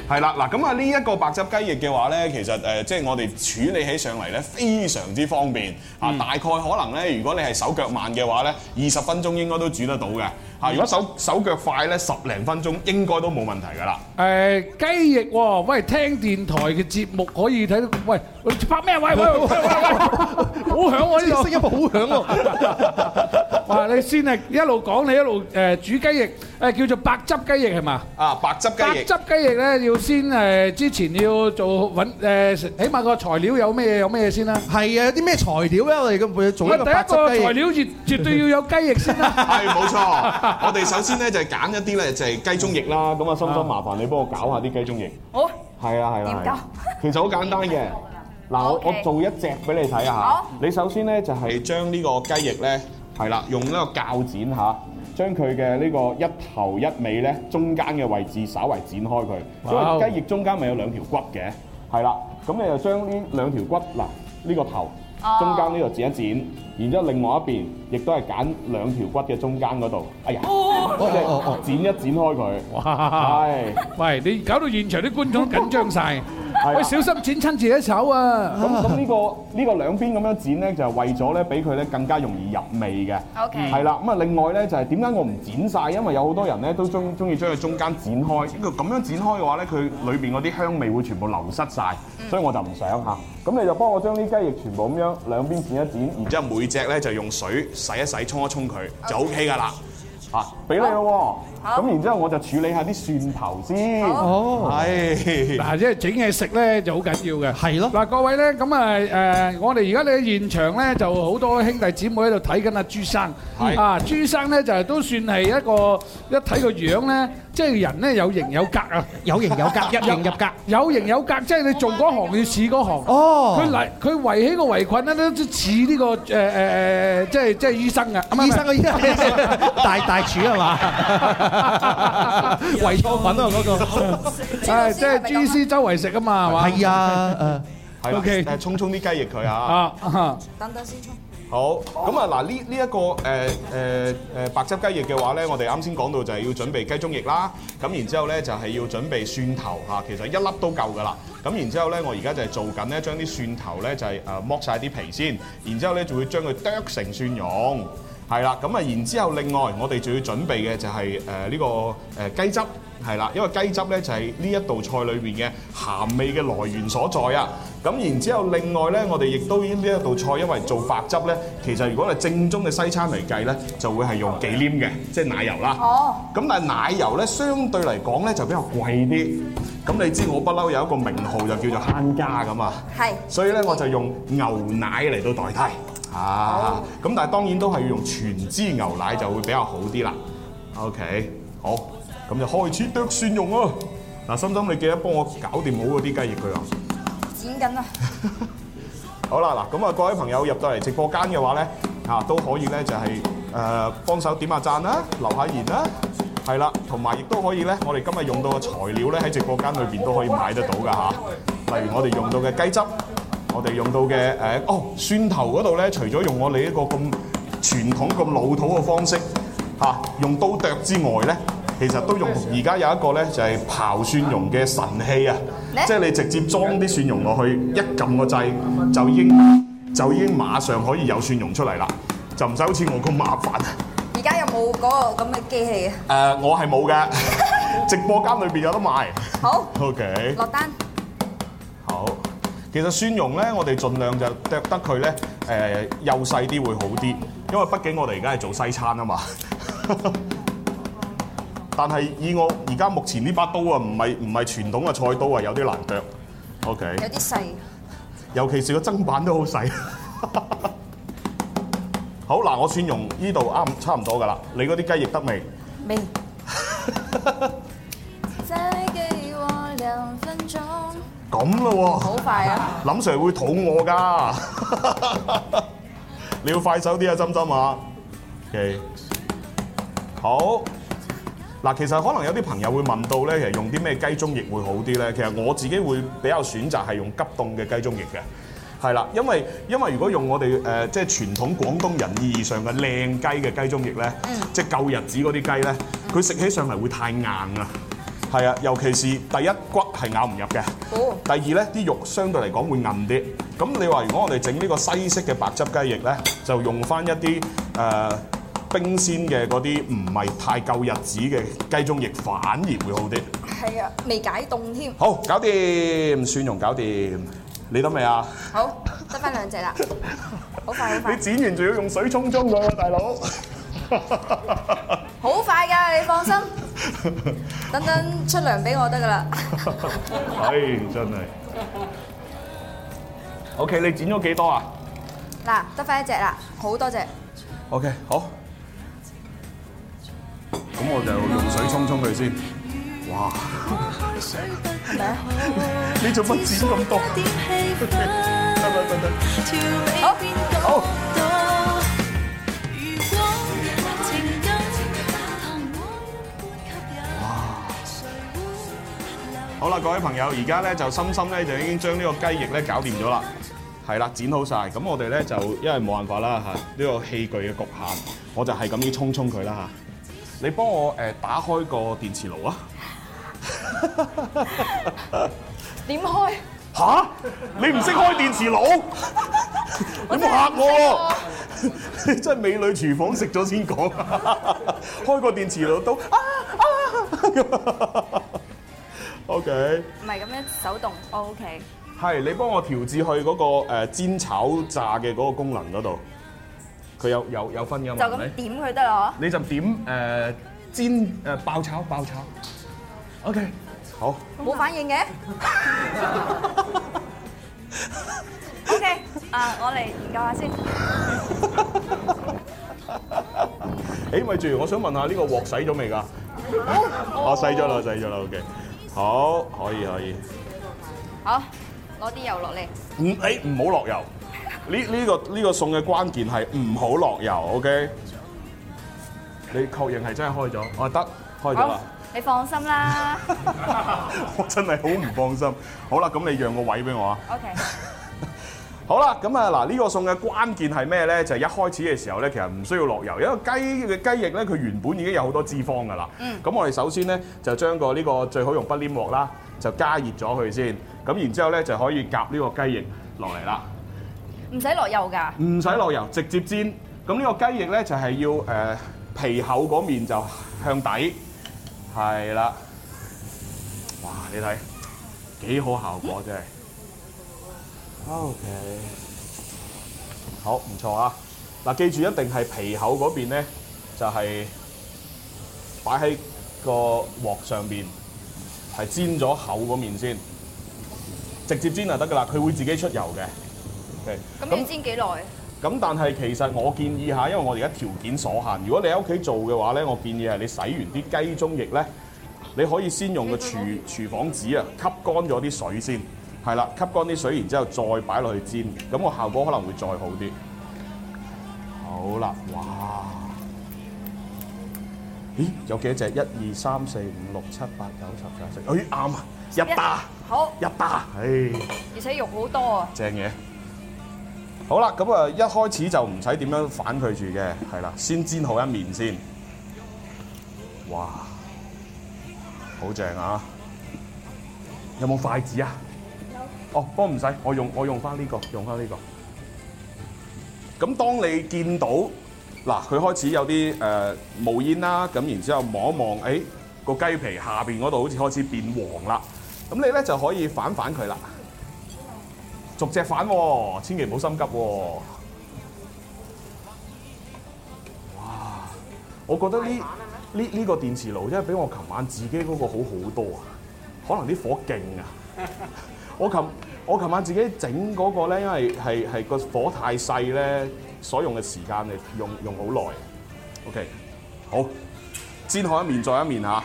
係啦，嗱咁啊，呢一個白汁雞翼嘅話呢，其實誒，即係我哋處理起上嚟呢，非常之方便，嗯，啊！大概可能呢，如果你係手腳慢嘅話呢，二十分鐘應該都煮得到嘅。如果手手腳快咧，十零分鐘應該都冇問題噶啦、
欸。誒雞翼喎、哦，喂，聽電台嘅節目可以睇到，喂，發咩位？喂喂 喂，好 響喎呢個，聲音好響喎。哇！你先係一路講，你一路誒、呃、煮雞翼，誒叫做白汁雞翼係嘛？啊，白汁雞白汁雞翼咧，要先誒、呃、之前要做揾誒、呃，起碼個材料有咩嘢有咩嘢先啦、啊？係啊，有啲咩材
料咧？我哋咁會做一第一個材料
絕絕對要有雞翼先啦、啊。 係冇錯。 我哋首先咧就係、是、揀一啲咧就係、是、雞中翼啦，咁啊、嗯，心心麻煩你幫我搞下啲雞中翼。好。係啊，係啦、啊，係、啊啊啊啊啊。其實好簡單嘅。嗱， 我我做一隻俾你睇下。好你首先咧就係將呢個雞翼咧，係啦、啊，用呢個教剪較剪嚇，將佢嘅呢個一頭一尾咧，中間嘅位置稍為剪開佢，因為雞翼中間咪有兩條骨嘅，係啦、啊，咁你就將呢兩條骨嗱呢、啊這個頭。中間呢度剪一剪，然之後另外一邊亦都係揀兩條骨嘅中間嗰度，哎呀，即係哇剪一剪開佢，係哇，
喂是你搞到現場啲觀眾緊張晒。
喂，小心剪親自己一手啊！咁咁呢個呢、這個兩邊咁樣剪咧，就係、是、為咗咧，俾佢咧更加容易入味嘅。OK，係啦。咁啊，另外咧就係點解我唔剪晒？因為有好多人咧都中中意將佢中間剪開。佢咁樣剪開嘅話咧，佢裏邊嗰啲香味會全部流失晒，嗯、所以我就唔想嚇。咁、啊、你就幫我將啲雞翼全部咁樣兩邊剪一剪， 然之後每隻咧就用水洗一洗，沖一沖佢 Okay. 就 OK 噶啦。嚇、啊，俾你啦喎！啊咁然之後我就處理下啲蒜頭先，係嗱，即係整嘢食咧就好緊要嘅。係咯，嗱
各位咧，咁啊誒，我哋而家喺現場咧就好多兄弟姊妹喺度睇緊阿朱生，係啊，朱生咧就係都算係一個一睇個樣咧，即係人咧有型有格啊，有型有格，一型入格，有型有格，即係你做嗰行要似嗰行，哦，佢嚟佢圍起個圍困咧都似呢個誒誒，即係即係醫生嘅醫生嘅醫生，大大廚係嘛？
遺臭粉啊，嗰、那個，誒、 啊，即係 GEC 周圍食啊嘛，係嘛 哇？係
啊，誒，OK，誒，
冲沖啲雞翼佢啊，啊啊啊等等先沖。好，咁啊，嗱，呢呢一個誒誒誒白汁雞翼嘅話咧，我哋啱先講到就係要準備雞中翼啦，咁然之後咧就係、是、要準備蒜頭吓、啊，其實一粒都夠噶啦，咁然之後咧我而家就係做緊咧，將啲蒜頭咧就係、是、誒剝晒啲皮先，然之後咧就會將佢剁成蒜蓉。係啦，咁啊，然之後另外我哋仲要準備嘅就係誒呢個誒雞汁，係啦，因為雞汁咧就係呢一道菜裏邊嘅鹹味嘅來源所在啊。咁然之後另外咧，我哋亦都呢呢一道菜，因為做白汁咧，其實如果係正宗嘅西餐嚟計咧，就會係用忌廉嘅，即係的奶油啦。哦。咁但係奶油咧，相對嚟講咧就比較貴啲。咁你知我不嬲有一個名號就叫做慳家咁啊。係的。所以咧，我就用牛奶嚟到代替。啊，咁但係當然都係要用全脂牛奶就會比較好啲啦。嗯、OK，好，咁就開始剁蒜蓉啊！嗱，心心你記得幫我搞掂好嗰啲雞翼佢啊。
剪緊啦。
好啦，嗱，咁啊，各位朋友入到嚟直播間嘅話咧，啊都可以咧就係、是、誒、呃、幫手點下讚啦，留下言啦，係啦，同埋亦都可以咧，我哋今日用到嘅材料咧喺直播間裏邊都可以買得到嘅嚇，例如我哋用到嘅雞汁。我哋用到嘅誒哦蒜頭嗰度咧，除咗用我哋一個咁傳統咁老土嘅方式嚇、啊、用刀剁之外咧，其實都用而家有一個咧就係刨蒜蓉嘅神器啊！麼即係你直接裝啲蒜蓉落去，一撳個掣就已經就已經馬上可以有蒜蓉出嚟啦，就唔使好似我咁麻煩。而
家有冇嗰、那個咁嘅機器啊？
誒、呃，我係冇㗎， 直播間裏邊有得賣。好。O K。落單。其實蒜蓉咧，我哋盡量就剁得佢咧，誒、呃、幼細啲會好啲，因為畢竟我哋而家係做西餐啊嘛。 但係以我而家目前呢把刀啊，唔係唔係傳統嘅菜刀啊，有啲難剁。OK。有啲細，尤其是個砧板都好細。 好，嗱，我蒜蓉呢度啱，差唔多㗎啦。你嗰啲雞翼得未？
未。再畀我兩分鐘。
咁咯喎，好
快啊！
林 Sir 會肚餓噶， 你要快手啲啊，針針啊，OK，好。嗱，其實可能有啲朋友會問到咧，其實用啲咩雞中翼會好啲咧？其實我自己會比較選擇係用急凍嘅雞中翼嘅，係啦，因為因為如果用我哋誒即係傳統廣東人意義上嘅靚雞嘅雞中翼咧，即係、嗯、舊日子嗰啲雞咧，佢食起上嚟會太硬啊。係啊，尤其是第一骨係咬唔入嘅，哦、第二咧，啲肉相對嚟講會韌啲。咁你話如果我哋整呢個西式嘅白汁雞翼咧，就用翻一啲誒、呃、冰鮮嘅嗰啲唔係太夠日子嘅雞中翼，反而會好啲。
係啊，未解凍添。好，
搞掂，蒜蓉搞掂，你得未啊？好，
得翻兩隻啦，好快
好快。快，你剪完仲要用水沖沖佢啊，大佬。
好快噶，你放心，等等 出糧俾我得噶啦。
唉、 哎，真係。OK，你剪咗幾多啊？
嗱，得翻一隻啦，好多隻。
OK，好。咁我就用水沖沖佢先。哇！咩？ 你做乜剪咁多？ 行行行
行行好。好
好啦，各位朋友，而家咧就深深咧就已經將呢個雞翼咧搞掂咗啦，係啦，剪好晒。咁我哋咧就因為冇辦法啦嚇，呢、這個器具嘅局限，我就係咁要沖沖佢啦嚇。你幫我誒打開個電磁爐啊！
點開？
嚇！你唔識開電磁爐？你冇 嚇我喎！ 你真係美女廚房食咗先講， 開個電磁爐都啊啊！ O K，唔係
咁樣手動。O K，
係你幫我調至去嗰個誒煎炒炸嘅嗰個功能嗰度，佢有有有分㗎嘛？就咁點佢得啦嗬？你就點誒煎誒爆炒爆炒。O K，好。
冇反應嘅。O K，啊，我嚟研究下
先。誒，咪住，我想問下呢個鑊洗咗未㗎？哦，
洗咗啦，
洗咗啦。O K。好，可以可以。
好，攞啲油落嚟。
唔、嗯，誒唔好落油。呢呢、呢個呢、呢個餸嘅關鍵係唔好落油，OK？你確認係真係開咗？我、啊、得開咗啦。
你放心啦。
我真係好唔放心。 好啦，咁你讓個位俾我啊。OK。好啦，咁啊嗱，呢個餸嘅關鍵係咩咧？就係一開始嘅時候咧，其實唔需要落油，因為雞嘅雞翼咧，佢原本已經有好多脂肪㗎啦。嗯。咁我哋首先咧就將呢個最好用不粘鍋啦，就加熱咗佢先。咁然之後咧就可以夾呢個雞翼落嚟啦。
唔使落油㗎。
唔使落油，直接煎。咁呢個雞翼咧就係要呃皮厚嗰面就向底，係啦。哇！你睇幾好效果真係。嗯 O Okay . K，好唔錯啊！嗱，記住一定係皮厚嗰邊咧，就係擺喺個鑊上面邊，係煎咗厚嗰面先，直接煎就得噶啦，佢會自己出油嘅。O K，咁要煎幾耐？咁但係其實我建議吓，因為我哋而家條件所限，如果你喺屋企做嘅話咧，我建議係你洗完啲雞中翼咧，你可以先用個廚、嗯、廚房紙啊吸乾咗啲水先。係啦，吸乾啲水，然之後再擺落去煎，咁個效果可能會再好啲。好啦，哇！咦，有幾多隻？一二三四五六七八九十隻。哎啱啊，一打。好。一打。唉。而
且肉好多啊。
正嘢。好啦，咁啊，一開始就唔使點樣反佢住嘅，係啦，先煎好一面先。哇！好正啊！有冇筷子啊？哦，幫唔使，我用我用翻、這、呢個，用翻呢、這個。咁當你見到嗱，佢開始有啲誒冒煙啦，咁然之後望一望，誒、欸、個雞皮下邊嗰度好似開始變黃啦。咁你咧就可以反反佢啦，逐隻反、哦，千祈唔好心急、哦。
哇！
我覺得呢呢呢個電磁爐真係比我琴晚自己嗰個好好多啊，可能啲火勁啊。 我琴我琴晚自己整嗰個咧，因為係係個火太細咧，所用嘅時間係用用好耐。OK，好，煎好一面再一面嚇，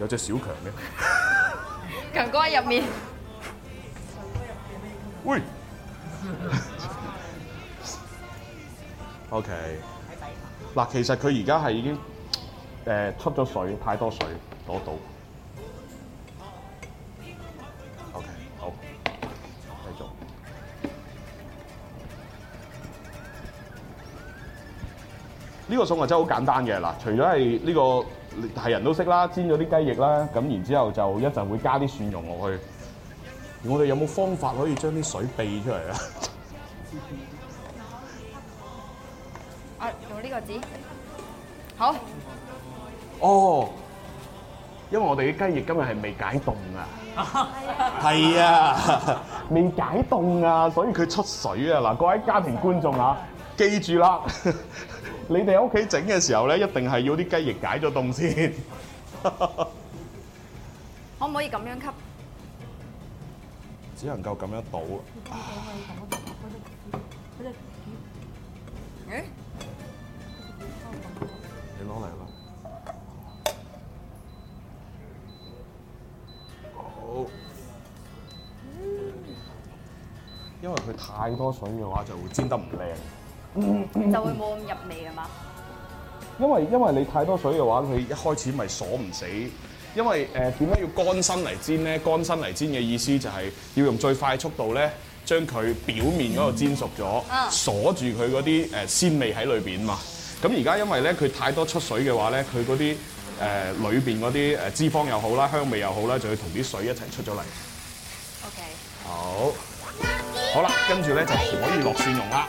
有隻小強嘅
強哥喺入面。
喂 ，OK，嗱，其實佢而家係已經誒出咗水，太多水攞到。倒呢個餸啊真係好簡單嘅嗱，除咗係呢個係人都識啦，煎咗啲雞翼啦，咁然之後就一陣會加啲蒜蓉落去。我哋有冇方法可以將啲水避出嚟啊？
啊，用呢
個紙好。哦，因為我哋啲雞翼今日係未解凍啊，係啊，未解凍啊，所以佢出水啊！嗱，各位家庭觀眾啊，記住啦。 你哋屋企整嘅時候咧，一定係要啲雞翼解咗凍先。
可唔可以咁樣吸？
只能夠咁樣倒啦。誒？你攞嚟啦！哦。因為佢太多水嘅話，就會煎得唔靚。
就會冇咁入味啊嘛？
因為因為你太多水嘅話，佢一開始咪鎖唔死。因為誒點解要乾身嚟煎咧？乾身嚟煎嘅意思就係要用最快速度咧，將佢表面嗰個煎熟咗，啊、鎖住佢嗰啲誒鮮味喺裏邊嘛。咁而家因為咧佢太多出水嘅話咧，佢嗰啲誒裏邊嗰啲誒脂肪又好啦，香味又好啦，就要同啲水一齊出咗嚟。OK。好。好啦，跟住咧就可以落蒜蓉啦。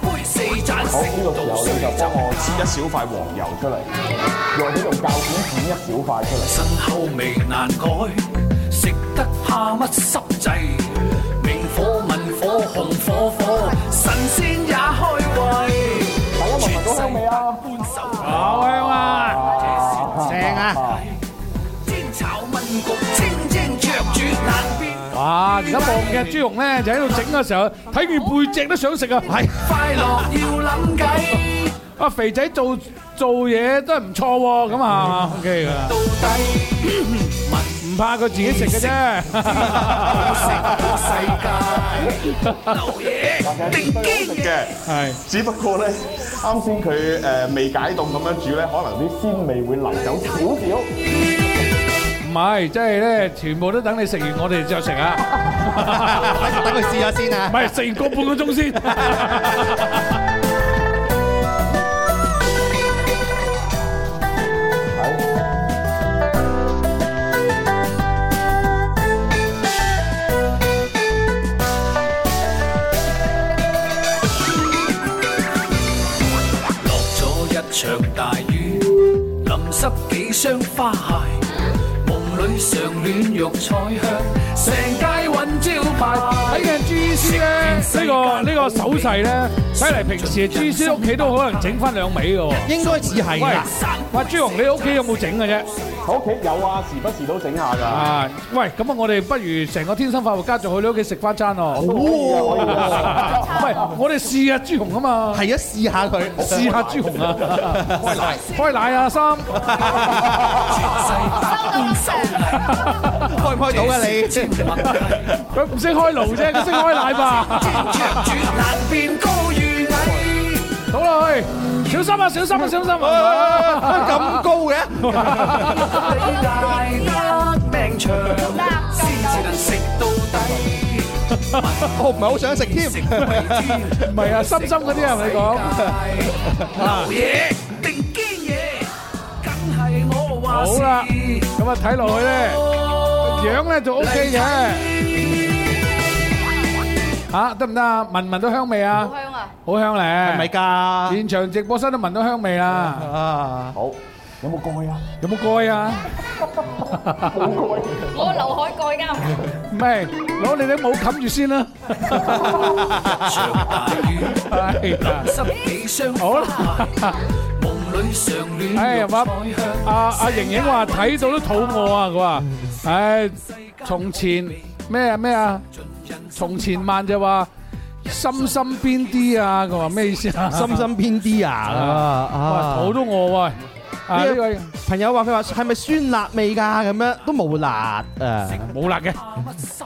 呢個時候你就幫我切一小塊黃油出嚟，用呢個教剪剪一小塊出嚟。好啊，聞聞香味啊？
好香啊！正啊！
啊！而家望嘅豬肉咧，就喺度整嘅時候，睇完背脊都想食啊！係。快樂要諗計。啊！肥仔做做嘢都係唔錯喎，咁啊 OK 噶。到底
唔怕佢自己食嘅啫。食都
使戒。
流嘢。係必須要食嘅。
係。只不過咧，啱先佢誒未解凍咁樣煮咧，可能啲鮮味會流走少少。唔係，即係咧，全部都等你食完，我哋就食 啊！
等佢試下先啊！唔係食完個半個鐘先。 好落咗一場大雨，淋
濕幾雙花鞋。
常戀肉菜香，成街揾招牌，睇人朱師咧。呢、這個呢個手勢咧，睇嚟平時朱師屋企都可能整翻兩味㗎。應該只係。喂，朱紅，你屋企有冇整嘅啫？
屋企有啊，時不時都整下
噶、啊。喂，咁啊，我哋不如成個天生化福家族去你屋企食翻餐哦。唔係，我哋試下豬、啊、紅啊嘛。係啊，試下佢，試下豬、啊、紅啊。開奶，開奶啊！三，三開唔開到啊你？佢唔識開爐啫，佢識開奶吧！全全高嘛。好啦，去。小心啊！小心啊！小心啊！咁高嘅，你大得命長，先至能食到底。
我唔係好想食添，唔係啊！深深嗰啲啊，同你講，流
嘢定堅嘢？梗係我話。好啦，咁啊睇落去咧，個樣咧就 O K 嘅。
嚇
得唔得啊？聞唔聞到香味啊？好香咧，係咪噶？現場直播室都聞到香味啦。啊，好，有冇蓋啊？有冇蓋啊？
冇蓋，
我劉海蓋噶唔？唔係，攞你啲帽冚住先啦。好啦。哎呀媽，阿阿瑩瑩話睇到都肚餓啊，佢話，唉，從前咩啊咩啊，從前慢就話。心心邊啲啊！佢話咩意思啊？心心邊啲啊，啊！啊，我都
餓喎！呢、啊、位朋友話：佢話係咪酸辣味㗎？咁樣
都冇辣，誒冇辣嘅。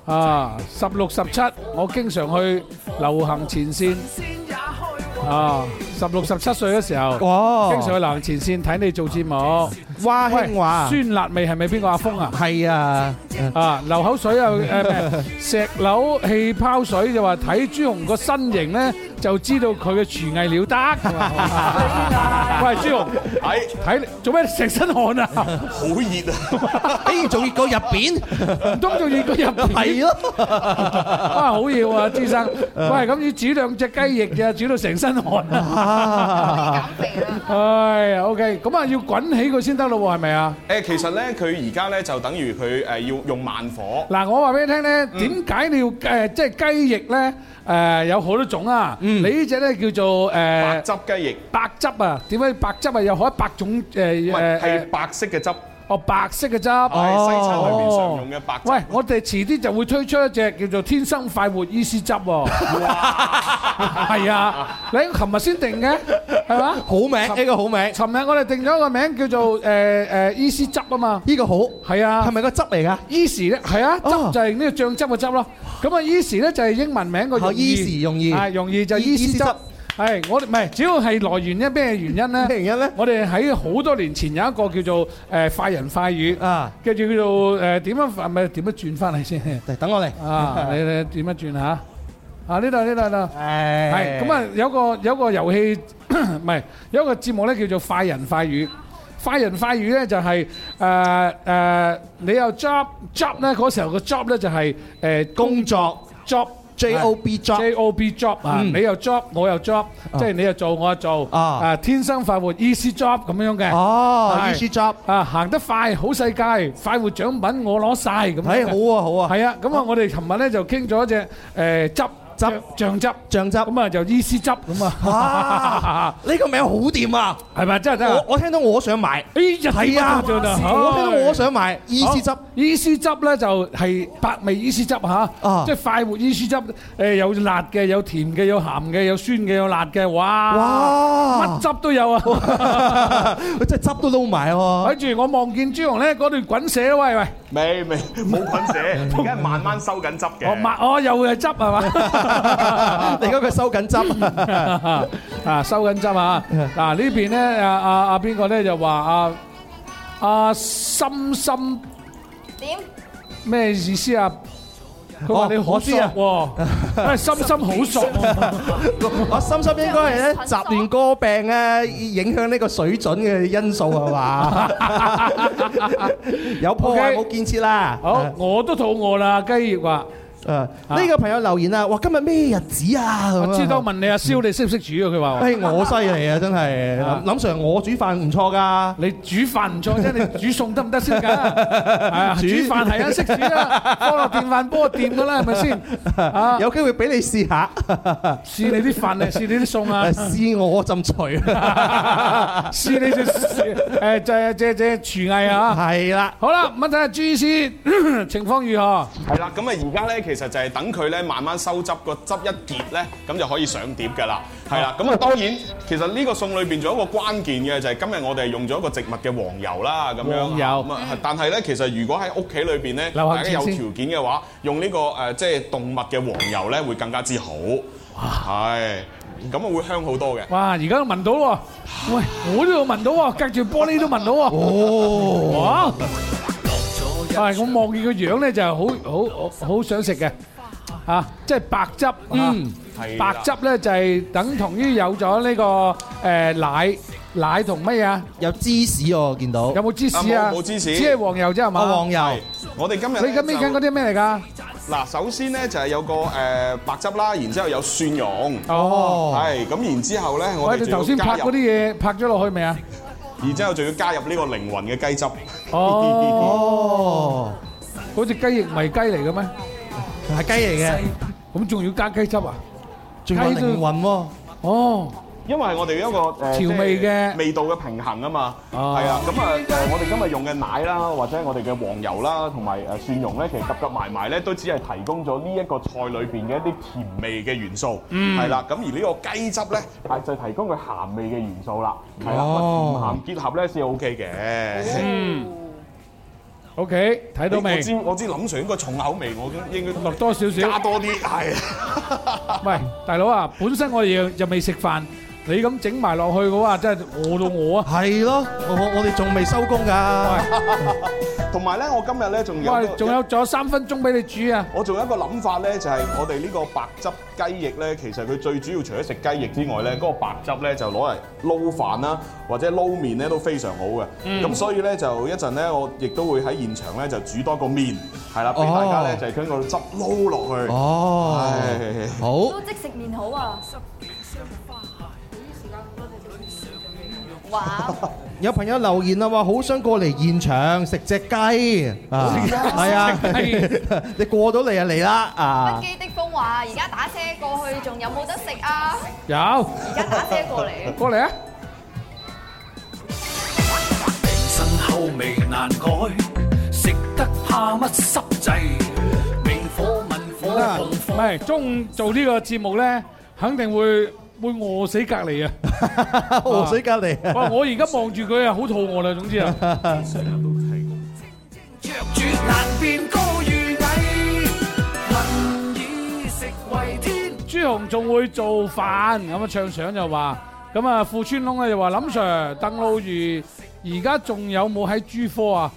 啊，十六十七，啊、17，我經常去流行前線。啊，十六十七歲嘅時候，經常去流行前線睇你做節目。蛙興話酸辣味係咪邊個阿峰啊？係啊，啊，流口水啊。誒，石榴氣泡水就話睇朱紅個身形咧，就知道佢嘅廚藝了得。喂，朱紅，睇睇做咩成身汗啊？好熱啊！哎，仲熱過入邊，唔通仲熱過入邊？係咯，啊好熱啊，朱生。喂，咁要煮兩隻雞翼咋？煮到成身汗啊！減肥啦。哎，OK，咁啊要滾起佢先得。咯喎，係咪啊？
誒，其實咧，佢而家咧就等於佢誒要用慢火。
嗱，我話俾你聽咧，點解你要誒、嗯呃、即係雞翼咧？誒、呃，有好多種啊！嗯、你呢隻咧叫做誒、呃、白汁雞翼，白汁啊？點解白汁啊？有好一百種誒誒，係、呃是呃、白色嘅汁。哦，白色嘅汁，西餐裏面常用嘅白汁。喂，我哋遲啲就會推出一隻叫做天生快活 Easy 汁喎。係啊，你琴日先定嘅係嘛？好名，呢個好名。尋日我哋定咗個名叫做誒誒 Easy 汁啊嘛，呢個好係啊。係咪個汁嚟㗎？Easy 咧係啊，汁就係呢個醬汁嘅汁咯。咁啊，Easy 咧就係英文名個容易，容易就 Easy 汁。係，我哋唔係，主要係來源，因咩原因咧？咩 原因咧？我哋喺好多年前有一個叫做誒快、呃、人快語啊，跟住叫做誒，點樣，係咪點樣轉翻嚟先？等我嚟啊！你，你點樣轉嚇？啊，呢度呢度呢度啦，係咁啊！有個有個遊戲，唔係有個節目咧，叫做快人快語。快人快語咧就係誒誒，你又 job job 咧嗰時候個 job 咧就係、是、誒工作 job, job。J O B job，J O B job 啊！你又 job，我又 job，即係你又做，我又做啊！天生快活，easy job 咁樣嘅哦，easy job 啊，行得快，好世界，快活獎品我攞曬咁。嘿，好啊，好啊，係啊！咁啊，我哋琴日咧就傾咗一隻誒執。汁醬汁醬汁咁啊，就依斯汁咁啊！啊！呢個名好掂啊！係咪？真係真係！我我聽到我想買。哎呀，係啊！我聽到我想買依斯汁。依斯汁咧就係百味依斯汁吓，即係快活依斯汁。誒有辣嘅，有甜嘅，有鹹嘅，有酸嘅，有辣嘅。哇！哇！乜汁都有
啊！即真係汁都撈埋喎！
睇住我望見朱紅咧嗰段滾瀉，喂喂，
未未冇滾瀉，而家慢慢收緊汁嘅。
我抹哦又係汁係嘛？你嗰個收緊針啊，收緊針啊！嗱呢邊咧，阿阿阿邊個咧就話阿阿心心點咩意思啊？佢話你好熟喎，
喂心心好熟，我心心應該係咧雜亂歌病咧影響呢個水準嘅因素係嘛？有破壞
冇建設啦！好，我都肚餓啦，雞翼話。
呢個朋友留言啊，話今日咩日子啊？我知道，
問你阿蕭，你識唔識煮啊？佢話，我犀利
啊，真係，林 Sir，我煮飯唔錯噶。你煮飯唔錯啫，你煮餸得唔得先噶？煮飯係梗識煮啊！放落電飯煲啊，掂噶啦，係咪先？啊，有機會俾你試下，試你啲飯啊，試你啲餸啊，試我陣廚，
試你
隻誒，即即係廚藝啊？係啦，
好啦，咁睇下朱醫師情況如何？係啦，咁啊而家咧其實就係等佢咧慢慢收汁，個汁一結咧，咁就可以上碟噶啦。係啦，咁啊，當然，其實呢個餸裏邊仲有一個關鍵嘅，就係今日我哋用咗一個植物嘅黃油啦，咁樣。黃油。咁啊，但係咧，其實如果喺屋企裏邊咧，大家有條件嘅話，用呢個誒，即係動物嘅黃油咧，會更加之好。哇！係，咁啊會香好多嘅。
哇！而家都聞到喎。喂，我都要聞到喎，隔住玻璃都聞到喎。哦。係，我望見個樣咧就係好好好想食嘅，嚇，即係白汁，嗯，係白汁咧就係等同於有咗呢個誒奶，奶同咩啊？有芝士喎，見到。有冇芝
士啊？冇芝士。只係黃油啫係嘛？黃油。
我哋今日你咁依家嗰啲咩嚟㗎？嗱，首先咧就係有個誒白汁啦，然之後有蒜蓉，哦，係咁，然之後咧我哋頭先拍嗰啲嘢拍咗落去未啊？然之後仲要加入呢個靈魂嘅雞汁。哦，
嗰、 哦、隻雞翼唔係雞嚟嘅咩？係雞嚟嘅。咁仲 要加雞汁啊？仲有個靈魂喎，啊。哦。
因為我哋一個誒調味嘅味道嘅平衡啊嘛，係啊，咁啊，我哋今日用嘅奶啦，或者我哋嘅黃油啦，同埋誒蒜蓉咧，其實夾夾埋埋咧，都只係提供咗呢一個菜裏邊嘅一啲甜味嘅元素，係啦，咁而呢個雞汁咧，係就提供佢鹹味嘅元素啦，係啦，鹹鹹結合咧先 O K 嘅
，O K，睇到未？我知
我知，諗住應該重口味，我應應該落多少少加多啲，係。
喂，大佬啊，本身我哋又未食飯。你咁整埋落去嘅話，真係餓到餓 我，我啊！係咯，我我哋仲未收工
㗎。同埋咧，我今日咧仲有，仲有仲有三分鐘俾你煮啊！我仲有一個諗法咧，就係、是、我哋呢個白汁雞翼咧，其實佢最主要除咗食雞翼之外咧，嗰、那個白汁咧就攞嚟撈飯啦，或者撈麵咧都非常好嘅。咁、嗯嗯、所以咧就一陣咧，我亦都會喺現場咧就煮多個麵，係啦，俾大家咧、哦、就喺個汁撈落去。哦，唉好。即食麵好
啊，十點雙份。
有朋友留言啊，話好想過嚟現場食隻雞，係啊，你過到嚟就嚟啦啊！不
羈的風話而家打車過去仲有冇得食啊？有，
而家打車過嚟，過嚟啊！食得怕乜濕滯？明火文火，唔係中午做呢個節目咧，肯定會。會餓死隔離啊！餓死隔離啊！喂！我而家望住佢啊，好肚餓啦！總之啊，
著住難辨高與低，民以食為天，
朱紅仲會做飯咁啊，唱想就話咁啊，富川龍啊又話林 Sir 鄧老二，而家仲有冇喺朱科啊？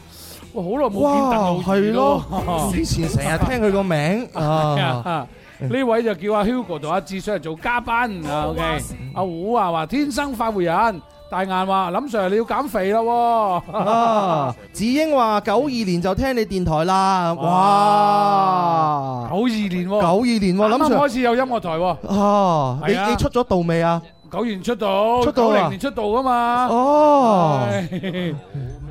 哇！好耐冇見鄧老二咯，以前成日聽佢個名啊。呢位就叫阿 Hugo 同阿志上嚟做嘉賓，OK？阿胡話話天生發福人，大眼話林 Sir 你要減肥啦，啊！子英話九二年就聽
你電台啦，哇！
九二年，九二年，林 Sir 開始有音樂台，哦，你你出咗道未啊？九二年出道，出道啊！九零年出道噶嘛？哦，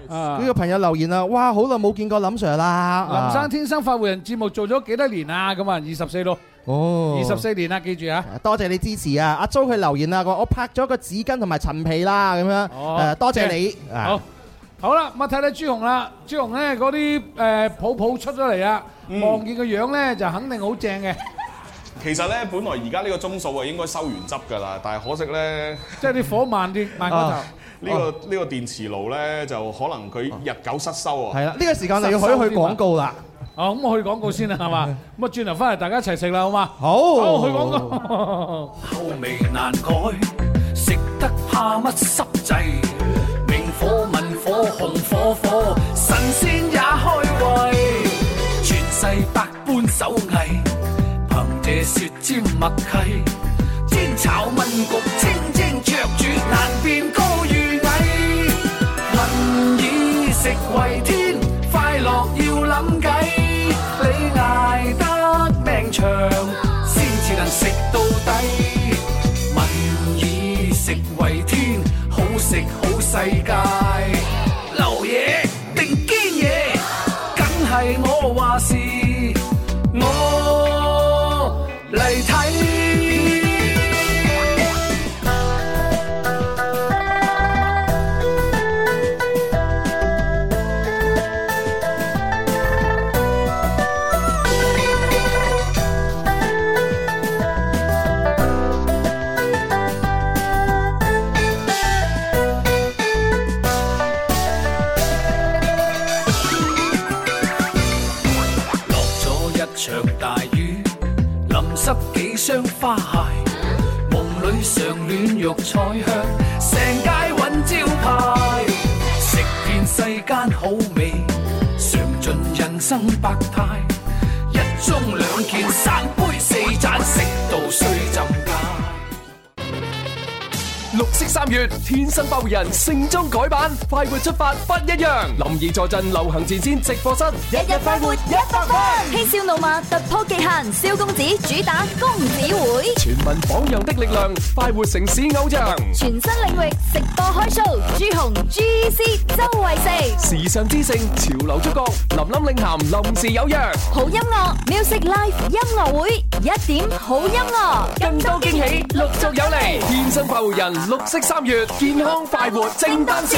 呢個
朋友留言啦，哇！好耐冇見過林 Sir 啦，林生
天生發福人，節目做咗幾多年啊？咁啊，二十四咯。哦，二十四年啊，記住啊，
多謝你支持啊！阿周佢留言啊，我我拍咗個紙巾同埋陳皮啦，咁
樣，誒，oh, 多謝你。好，啊、好啦，我睇睇朱紅啦，朱紅咧嗰啲誒泡泡出咗嚟啊，望、嗯、見個樣咧就肯定好正嘅。
其實咧，本來而家呢個鐘數啊應該收完汁㗎啦，但係可惜咧，
即係啲火慢啲，慢過頭。呢、 啊啊呢
個呢、呢個電磁爐咧就可能佢日久失修啊。係啦，呢、呢個時間你要去去廣告啦。啊啊 啊哦，咁
我去廣告先啊，係嘛？咁啊，轉頭翻嚟大家一齊食啦，好嘛？好，好去廣告。口味難改，食得怕乜濕滯？明火文火，紅火火，神仙也開
胃。全世百般手藝，憑這舌尖默契。煎炒炆焗，清蒸灼煮，難辨高與矮。民以食為天。
唱先至能食到底，民以食為天，好食好世界，流嘢、oh yeah，定堅嘢，
梗係我話事。常暖肉菜香，成街揾招牌，食遍世間好味，嘗盡人生百態，一盅兩件。三月天生快活人盛裝改版，快活出發不一樣。林怡坐鎮流行前線直播室，日日快活一百分。嬉
笑怒罵突破極限，蕭公子主打公子會，全
民榜樣的力量，快活城市偶像。
全新領域直播開 show，朱紅、朱仙、周慧四，
時尚之盛潮流主角，林林領銜臨時有約。
好音樂 music life 音樂會，一點好音
樂，更多驚喜陸續有嚟。天生快活人綠色生活。健康快
活正當時。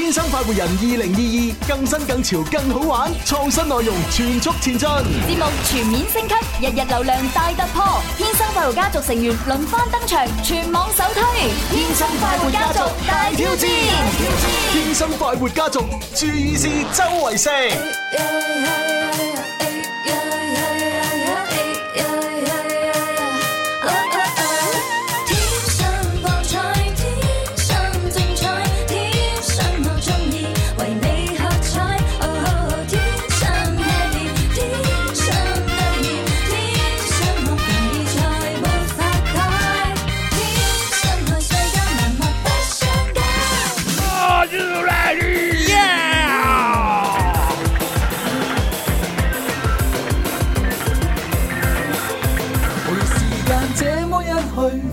天生快活人2022，更新更潮更好玩，創新內容全速前進，節目全
面升級，日日流量大突破，天生快活家族成員輪番登場，全網首推天生快活家族大挑戰，
天生快活家族注意是周圍食。哎
哎哎哎哎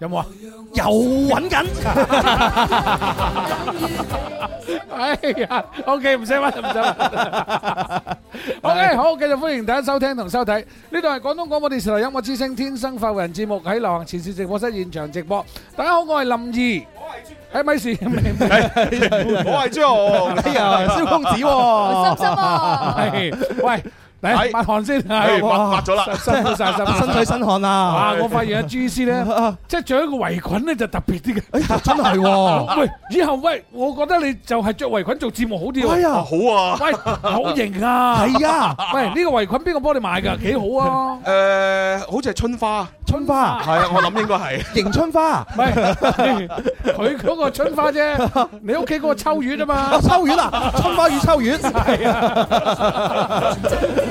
有冇啊？
又揾緊？
哎呀，OK，唔使揾，唔使揾。OK，好，繼續歡迎大家收聽同收睇，呢度係廣東廣播電視台音樂之聲《天生浮人》節目喺流行前線直播室現場直播。大家好，我係林儀，我係阿咪事，我係朱浩，哎呀，蕭公子，傷心啊！係，喂。嚟，抹汗先，抹咗啦，即係晒身，身身汗啊！哇，我發現阿豬師咧，即係着一個圍裙咧就特別啲嘅，真係
喎！喂，
以後喂，我覺得你就係着圍裙做節目好啲喎，好啊，喂，好型啊，係啊，喂，呢個圍裙邊個幫你買噶？幾好啊！誒，好似係春花，春花，
係啊，我諗應該係
迎春花，唔係，佢嗰個春花啫，你屋企嗰個秋月啫嘛，秋月啊，春花與秋月，係啊。 o、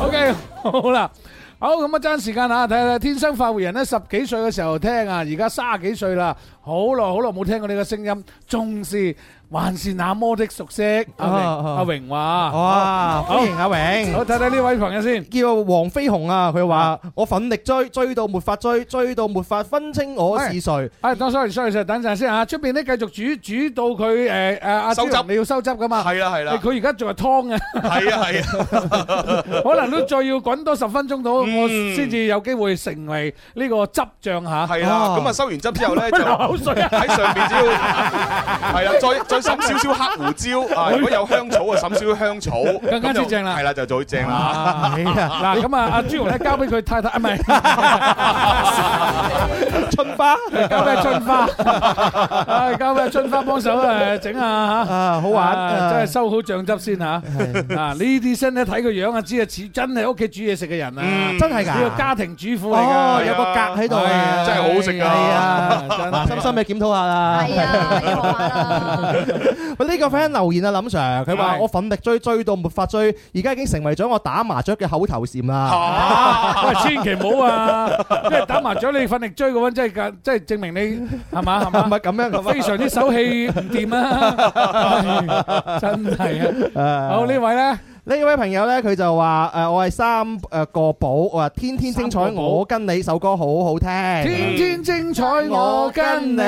okay, K，好啦，好咁啊，爭時間吓睇下《天生快活人》呢，十幾歲嘅時候聽啊，而家卅幾歲啦，好耐好耐冇聽過呢個聲音，仲是。還是那麼的熟悉，阿榮哇，哇，歡迎阿榮，我睇睇呢位朋友先，
叫黃飛鴻啊，佢話我奮力追，追到沒法追，追到沒法分清我是誰。
係，唔該，sorry，sorry，sorry，等陣先啊，出邊咧繼續煮，煮到佢誒誒，阿朱林你要收汁噶嘛係啦係啦，佢而家仲係湯嘅。係啊係啊，可能都再要滾多十分鐘到，我先至有機會成為呢個汁醬吓。係啦，咁啊
收完汁之後咧，就口水啊，喺上邊，只要係啦，再再。灑少少黑胡椒，如果有香草啊，灑少少香草，更加之正啦。係啦，就最正啦。
嗱，咁啊，阿朱紅咧，交俾佢太太，唔係春花，交俾春花，唉，交俾春花幫手誒，整下嚇。啊，好玩，真係收好醬汁先嚇。嗱，呢啲先咧睇個樣啊，知啊，似真係屋企煮嘢食嘅人啊，真係㗎。呢個家庭主婦係，哦，有個格喺度，真係好好食
㗎。係啊，深深你檢討下啦。係啊，要好好。我呢個 friend 留言啊，林 Sir，佢話我奮力追，追到沒法追，而家已經成為咗我打麻雀嘅口頭
禪啦。啊，千祈唔好啊，因為打麻雀你奮力追嘅話，真係噶，真係證明你係嘛，係嘛，唔係咁樣嘅，非常之手氣唔掂啊，真
係啊。誒，好，呢位咧，呢位朋友咧，佢就話誒，我係三誒個寶，我話天天精彩，我跟你首歌好好聽，天天精彩，我跟你。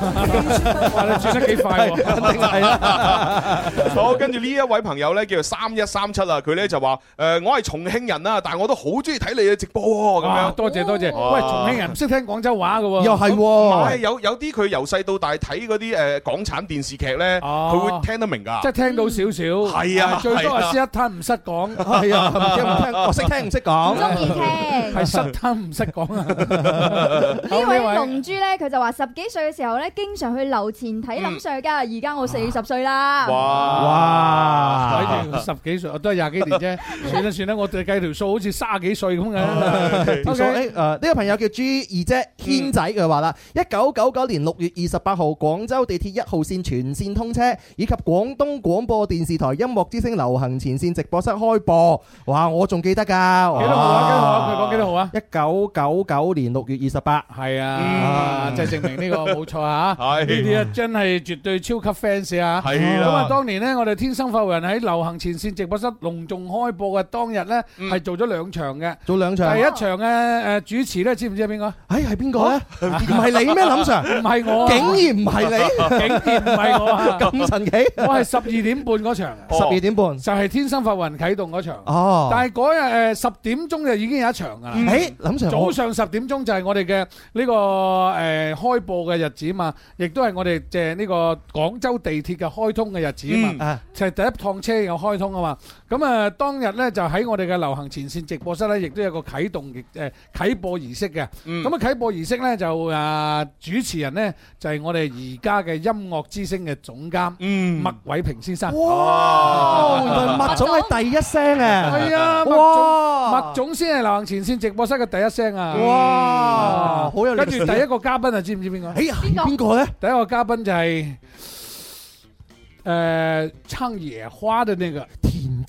咁你轉得幾快喎？係啦，好，跟住呢一位朋友咧，叫做三一三七啊，佢咧就話：誒，我係重慶人啊，但係我都好中意睇你嘅直播喎。咁樣，多謝多謝。喂，重慶人唔
識聽廣州話㗎喎，又係，係
有有啲佢由細到大睇嗰啲誒港產電視劇咧，佢會聽得明㗎，即係聽
到少少，係啊，最多係識一攤唔識講，係啊，唔聽，我識聽唔識講，中意聽，係一攤唔識講啊。呢位龍
珠咧，佢就話十幾歲嘅時候咧。經常去樓前睇林 Sir 噶，而家我四十歲啦。哇
哇，睇住十幾歲，我都係廿幾年啫。算啦算啦，我計條數好似卅幾歲咁嘅。O K，誒，呢
個朋友叫朱二姐，軒仔佢話啦，一九九九年六月二十八號，廣州地鐵一號線全線通車，以及廣東廣播電視台音樂之聲流行前線直播室開播。哇，我仲記得噶。幾多號啊？幾多號啊？佢講幾多號啊？一九九九年六月二十八，係啊，即
係證明呢個冇錯啊。啊，呢啲啊
真係絕對超級 fans 啊！咁啊，當年咧，我哋天生發雲喺流行前線直播室隆重開播嘅當日咧，係做咗兩場嘅，做兩場。第一場嘅誒主持咧，知唔知係邊個？誒，係邊個？唔係你咩，林 Sir？唔係我，竟然唔係你，竟然唔係我，咁神奇？我係十二點半嗰場，十二點半就係天生發雲啟動嗰場。哦，但係嗰日誒十點鐘就已經有一場噶。誒，林 Sir，早上十點鐘就係我哋嘅呢個誒開播嘅日子。亦都係我哋就呢個廣州地鐵嘅開通嘅日子啊嘛，嗯、就係第一趟車有開通啊嘛。咁啊，當日咧就喺我哋嘅流行前線直播室咧，亦都有個啟動，亦誒啟播儀式嘅。咁啊，啟播儀式咧就誒主持人咧就係我哋而家嘅音樂之聲嘅總監麥偉平先生。哇！原來麥總係第一聲啊！係啊！哇！麥總先係流行前線直播室嘅第一聲啊！哇！好有。跟住第一個嘉賓啊，知唔知邊個？邊個咧？第一個嘉賓就係誒撐椰花嘅呢個。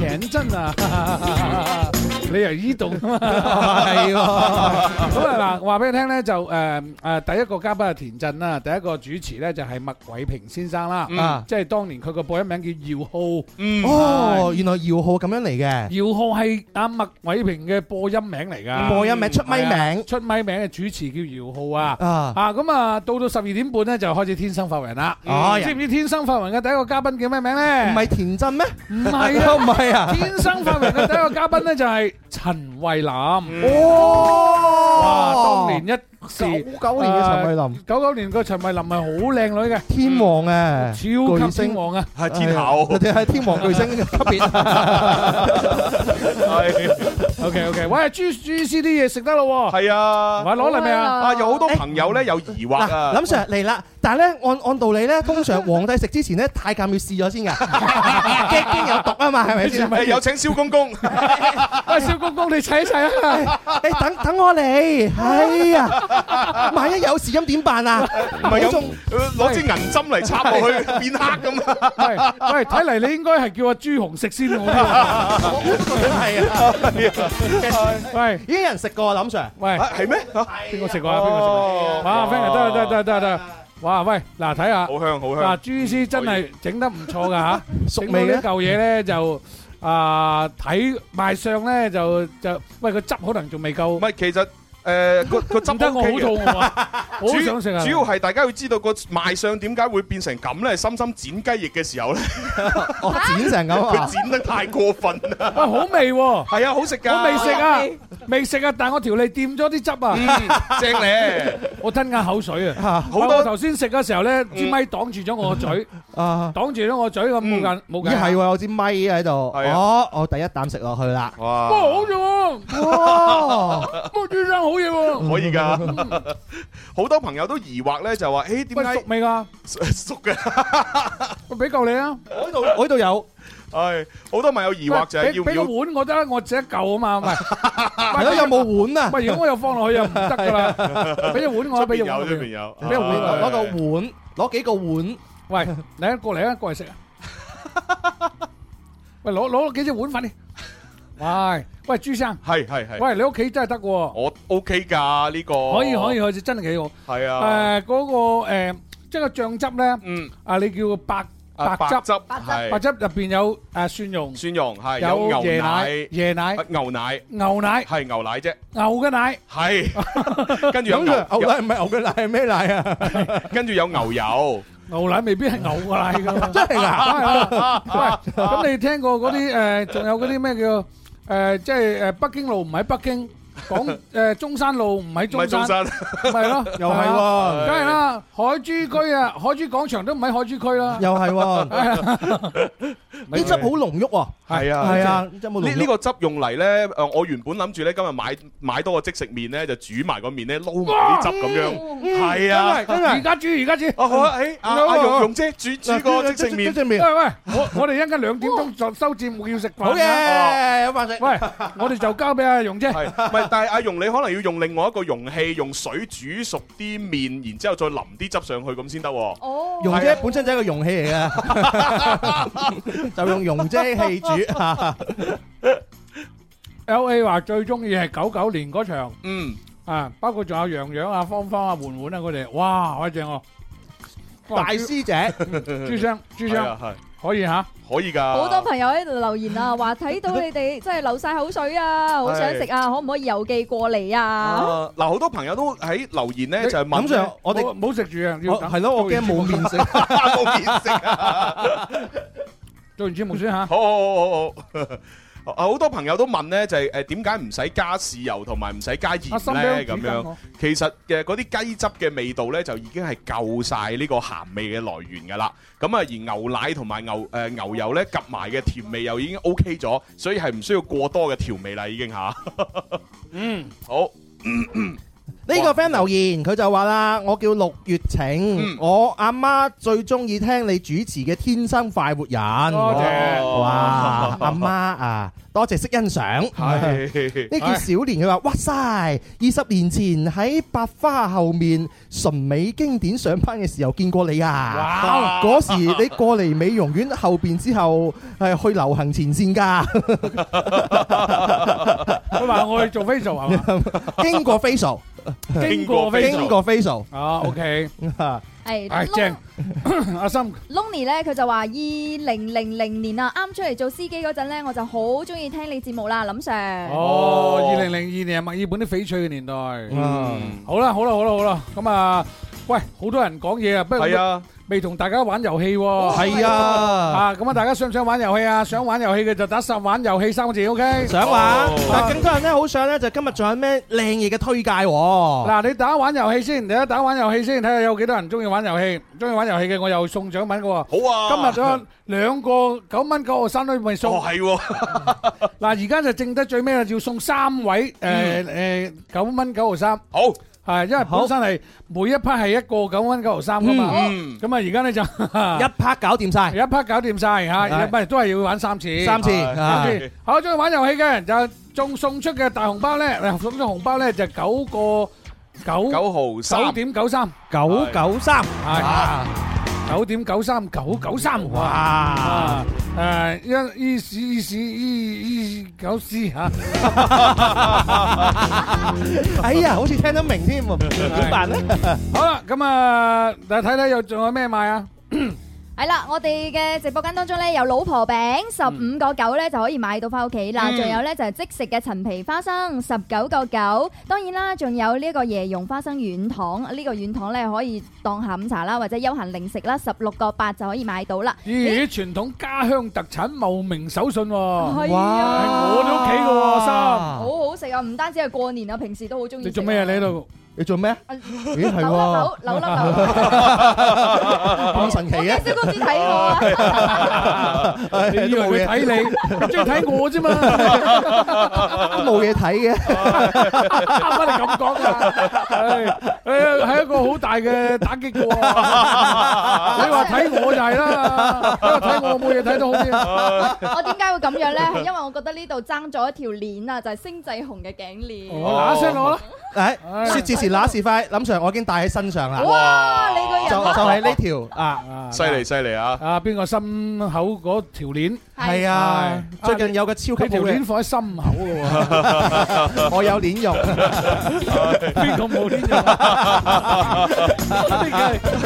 田震啊，你嚟呢度啊，係喎。咁啊嗱，話俾你聽咧就誒誒，第一個嘉賓係田震啦，第一個主持咧就係麥偉平先生啦，啊，即係當年佢個播音名叫姚浩，哦，原
來姚浩咁樣嚟嘅。姚
浩係阿麥偉平嘅播音名嚟噶，播音名出咪名，出咪名嘅主持叫姚浩啊，啊，咁啊到到十二點半咧就開始天生發暈啦，知唔知天生發暈嘅第一個嘉賓叫咩名咧？唔係田震咩？唔係啊，唔係。天生發明嘅第一個嘉賓咧就係陳慧琳。哦、哇！當年一九九九年嘅陳慧琳，啊，九九年嘅陳慧琳係好靚女嘅，天王啊，超級星王啊，係星、哎、天后，定係天王巨星級別。O K O K，喂，豬豬燒啲嘢食得咯喎，
係
啊，唔係攞嚟未啊？啊，有好多朋友咧有疑惑啊。林 Sir
嚟啦，但係咧按按道理咧，通常皇帝食之前咧，太監要試咗先㗎，
驚驚有毒啊嘛，係咪先？有請蕭公公，
喂，蕭公公你齊一齊啊！你
等等我嚟，哎呀，
萬一有事咁點辦啊？
唔係仲
攞支銀針嚟插落去變
黑
咁啊？喂，睇嚟你應該係叫阿朱紅食先好啦，我都覺得係啊。喂，依啲人食過啊，林 Sir。喂，係咩？邊個食過啊？邊個食過？哇，friend，得得得得得。哇，喂，嗱，睇下，好香，好香。嗱，朱醫師真係整得唔錯噶吓，熟味呢嚿嘢咧就啊，睇
賣相咧就就，喂，個汁可能仲未夠。唔係，其實。誒個汁整得我好肚餓喎，我好想食啊！主要係大家要知道個賣相點解會變成咁咧，係深深剪雞翼嘅時候咧，剪成咁啊！佢剪得太過分 啊！好味
喎，係 啊，好食㗎，啊，好味食啊。未食啊！但係我條脷掂咗啲汁啊，正咧！我吞下口水啊！我頭先食嘅時候咧，支咪擋住咗我個嘴，
擋住咗我嘴咁冇緊冇緊。係我支咪喺度。哦，我第一啖食落去
啦。哇，
好啫！哇，都煮上好嘢喎。可
以噶，好多朋友都疑惑咧，就話：誒，點解熟未噶？熟嘅，我俾夠你啊！我呢度，我呢度有。係好多咪友疑惑就俾俾個
碗我得，我自己一嚿啊嘛，咪咪有冇碗啊？咪如果我又放落去又唔得噶啦，俾個碗我，俾用碗，俾用碗，攞個碗，攞幾個碗，喂，嚟啊，過嚟啊，過嚟食啊，喂，攞攞幾隻碗粉，喂，喂，朱生，
係係係，喂，
你屋企真係得噶，
我 OK 噶呢個，可以可以，好似真係幾好，係啊，
誒，嗰個誒，即係個醬汁咧，嗯，啊，你叫白。白汁汁係，白汁入邊有
誒蒜蓉，蒜蓉係有椰奶、椰奶、牛奶、牛奶，係牛奶啫，牛嘅奶係，跟住有牛牛奶唔係牛嘅奶係咩奶啊？跟住有牛油，牛奶未必係牛嘅奶噶，
真係噶！喂，咁你聽過嗰啲誒，仲有嗰啲咩叫誒，即係誒，北京路唔喺北京。講誒，中山路唔喺中，唔係中山，唔係咯，又係，梗係啦。海珠區啊，海珠廣場都唔喺海珠區啦，又
係，呢汁好濃郁啊，係啊，係啊，呢呢
個汁用嚟，咧誒，我原本諗住咧今日買買多個即食麵咧，就煮埋個麵咧撈埋啲汁咁樣，係啊，真
係，而家煮，而家煮，哦好啊，誒阿阿容容姐煮煮個即食麵，即食麵，喂，我我哋一陣間兩點鐘就收賬，要食飯，好嘢，有飯
食，
喂，我哋就交俾阿容姐，係。但係阿蓉，你可能要用另外一個容器用水煮熟啲麵，然之後再淋啲汁上去咁先得。哦，
容姐本身就係一個容器嚟噶， 就用容姐器煮。
L A 話最中意係九九年嗰場，嗯羊羊啊，包括仲有洋洋啊、芳芳啊、媛媛啊，佢哋，哇，好正哦！大師姐，朱生，
朱生係。 可以吓？可以噶。好多
朋友喺度留言啊，話睇到你哋真係流晒口水啊，好想食啊，是的 可唔可以郵寄過嚟啊？
嗱、啊，好多朋友都喺留言咧，就係晚上我哋唔好食住啊，係咯，我驚冇麵食，冇 麵食啊。 做完節目先吓。好，好。好好好多朋友都問呢，就係誒點解唔使加豉油同埋唔使加鹽呢？咁樣其實嘅嗰啲雞汁嘅味道呢，就已經係夠晒呢個鹹味嘅來源噶啦。咁啊，而牛奶同埋牛誒、呃、牛油呢，夾埋嘅甜味又已經 OK 咗，所以係唔需要過多嘅調味啦，已經吓，啊、 嗯，好。咳咳
呢個 friend 留言，佢就話啦：我叫六月晴，嗯、我阿媽、媽最中意聽你主持嘅《天生快活人》。多謝、哦、哇！阿媽、媽啊，多謝識欣賞。呢叫是 小年，佢話：哇塞，二十塞年前喺百花後面純美經典上班嘅時候見過你啊！嗰哇、啊、時你過嚟美容院後邊之後係去流行前線噶。佢話我去做 facial 係嘛，經過 facial。 經過經過 facial 哦，OK，係係 Jack 阿
Sam，Lonny 咧佢就話二零零零年啊，啱出嚟做司機嗰陣咧，我就好中意聽你節目啦，林 Sir。哦，
二零零二年係墨爾本啲翡翠嘅年代。嗯，好啦，好啦，好啦，好啦，咁啊，喂，好多人講嘢啊，不如我。未同大家玩遊戲，
係啊，
啊咁啊！大家想唔想玩遊戲啊？想玩遊戲嘅就打十玩遊戲三個字，OK。想玩，但係更多人咧好想咧就今日仲有咩靚嘢嘅推介？嗱，你打玩遊戲先，你啊打玩遊戲先，睇下有幾多人中意玩遊戲，中意玩遊戲嘅我又送獎品嘅。好啊！今日仲有兩個九蚊九毫三都未送，哦係。嗱，而家就淨得最尾要送三位，誒誒九蚊九毫三。好。係，因為本身係每一 part 係一個九蚊九毫三噶嘛，咁啊而家咧就一 part 搞掂晒，一 part 搞掂晒吓，唔係對都係要玩三次，對三次，三次。好中意玩遊戲嘅人就仲送出嘅大紅包咧，送出紅包咧就九個九九毫三，九點九三，九九三。九點九三九九三哇，誒、啊啊、一一四一四一一九四吓，啊、 哎呀，好似聽得明添，點辦咧？ 好啦，咁啊，大家睇睇又仲有咩賣啊？
係啦，我哋嘅直播間當中咧，有老婆餅十五個九咧就可以買到翻屋企啦，仲，嗯、有咧就係、是、即食嘅陳皮花生十九個九，9，當然啦，仲有呢個椰蓉花生軟糖、這個、糖呢個軟糖咧可以當下午茶啦或者休閒零食啦，十六個八就可以買到啦。
呢啲傳統家鄉特產茂名手信、啊，哇，係我哋屋企嘅，好
好食啊！唔哇、啊啊、單止係過年啊，平時都好中意食。你
做咩啊？你喺度？你做咩？
咦，係喎，扭扭扭，咁神奇嘅。你喺啲公司睇我啊？你以為會睇你？你，你中意睇我啫嘛？都冇嘢睇嘅。
啱啱你咁講啊！唉，係一個好大嘅打擊嘅喎。你話睇我就係啦，
因為睇我冇嘢睇都好啲。
我
點解會咁樣咧？係因為我覺得呢度爭咗一條鏈啊，就係星際紅嘅頸鏈。我攔先我啦。
誒，說時遲那時快，林 Sir，我已經戴喺身上啦。哇！你個人就就係呢
條啊，
犀利犀利啊！啊，
邊個，啊啊、心口嗰條鏈？係啊，最近有個超級熱，冇點放喺心口嘅喎，我有點用，邊個冇點用，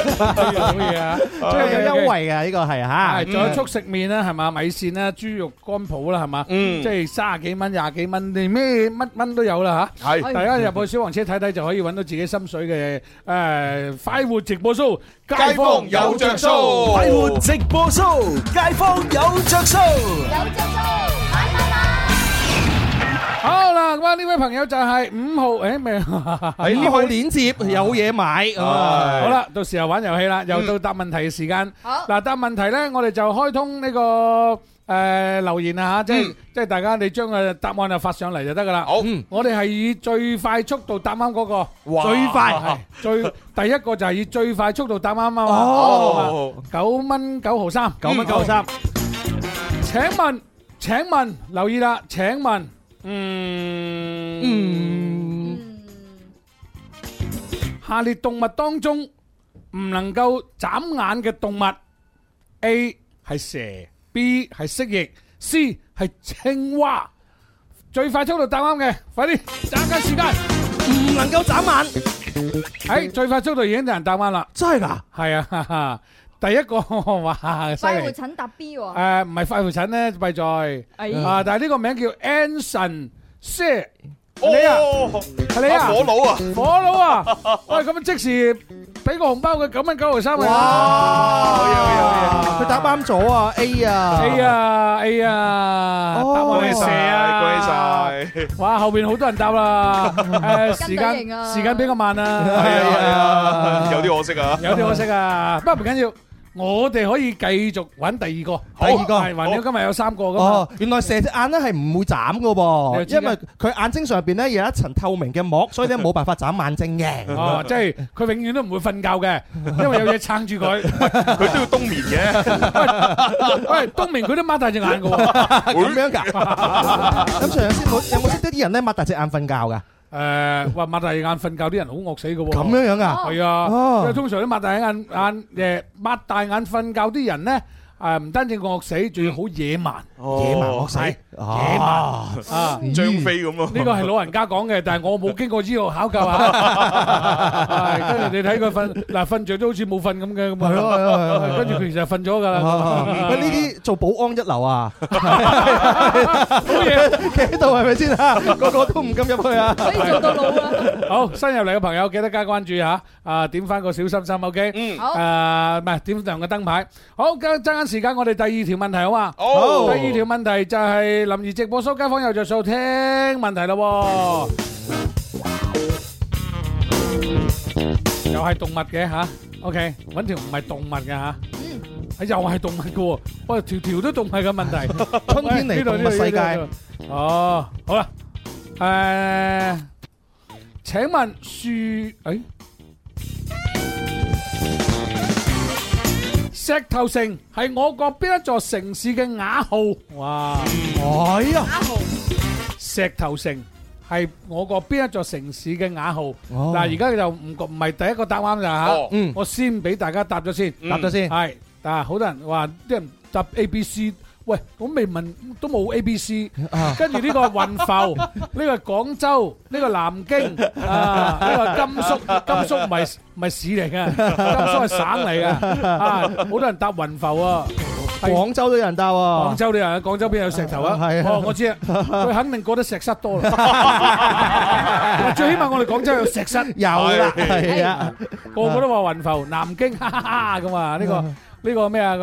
真係好嘢啊！真係有優惠嘅呢個係嚇，仲有速食麵啦，係嘛？米線啦，豬肉乾脯啦，係嘛？嗯，即係卅幾蚊、廿幾蚊，你咩乜蚊都有啦嚇。係，大家入去小黃車睇睇就可以揾到自己心水嘅誒快活直播 show，街坊有著數，快活直播 show，街坊有著數。有著數，買買買。好啦，咁啊呢位朋友就係五號，誒未？五號鏈接有嘢買。好啦，到時候玩遊戲啦，又到答問題嘅時間。好嗱，答問題咧，我哋就開通呢個誒留言啊吓，即即係大家你將個答案啊發上嚟就得噶啦。好，我哋係以最快速度答啱嗰個，最快係最第一個就係以最快速度答啱啱。哦，九蚊九毫三，九蚊九毫三。請問，請問，留意啦，請問，嗯嗯，下列動物當中唔能夠眨眼嘅動物，A 係蛇，B 係蜥蜴，C 係青蛙，最快速度答啱嘅，快啲，爭緊時間，唔能夠眨眼，喺最快速度已經有人答啱啦，真係噶，係啊，哈哈。第一個哇快活診搭 B 喎，誒唔係快活診咧，弊在，啊但係呢個名叫 Anson Sir，你啊係你啊，火佬啊火佬啊，喂咁即時俾個紅包佢九蚊九毫三啊，佢答啱咗啊 A 啊 A 啊 A 啊，唔好意思啊，恭喜晒，哇後邊好多人答啦，時間時間比較慢啊係
啊，有啲可惜啊，有啲可惜啊，
不過唔緊要。我哋可以繼續揾第二個，
第二個
係，
還咗今日有三個
噶哦，原來蛇隻眼咧係唔會眨噶噃，因為佢眼睛上邊咧有一層透明嘅膜，所以咧冇辦法眨眼睛嘅。即係
佢永遠都唔會瞓覺嘅，因為有嘢撐住佢，佢都要冬眠嘅。喂，冬眠佢都擘大隻眼噶，咁樣㗎？咁上次有冇
識得啲人咧擘大隻眼瞓覺㗎？
誒，話擘、呃、大眼瞓覺啲人好惡死嘅，咁樣樣噶，係啊，因為的、哦、通常都擘大眼眼誒，擘大眼瞓覺啲人咧，啊、呃，唔單止惡死，仲要好野蠻，哦、野蠻惡死。啊，張飛咁咯、啊，呢個係老人家講嘅，但係我冇經過醫學考究、 哎、啊。跟住你睇佢瞓，嗱瞓着都好似冇瞓咁嘅咁啊。係、啊、咯，係、啊、係。跟住其實瞓咗噶啦。呢啲做保安一流啊，做嘢企喺度係咪先啊？個個都唔敢入去啊。 可以做到老啦。好，新入嚟嘅朋友記得加關注吓，啊、呃、點翻個小心心，OK？嗯。好、啊。誒唔係，點亮個燈牌。好，爭緊時間，我哋第二條問題好嘛？好。第二條問題就係、是。林怡直播收街坊又著數聽問題咯。又係動物嘅嚇。OK，揾條唔係動物嘅嚇，嗯，係又係動物嘅，喂，條條都動物嘅問題，春天嚟動物世界，哦，好啦，誒請問樹，誒。石頭城係我國邊一座城市嘅雅號？哇！哎呀，石頭城係我國邊一座城市嘅雅號？嗱、哦，而家就唔唔係第一個答啱就吓，哦嗯、我先俾大家答咗先，嗯、答咗先，係啊，但係好多人話啲人答 A、B、C。喂，我未問，都冇 A、B、C。跟住呢個係雲浮，呢個係廣州，呢個南京，啊，呢個甘肅，甘肅唔係唔係市嚟嘅，甘肅係省嚟嘅。啊，好多人搭雲浮啊，廣州都有人搭喎。廣州都有人，廣州邊有石頭啊？係啊，我知啊，佢肯定覺得石室多啦。最起碼我哋廣州有石室，有啊，係啊，個個都話雲浮，南京咁啊，呢個。呢個咩啊？佢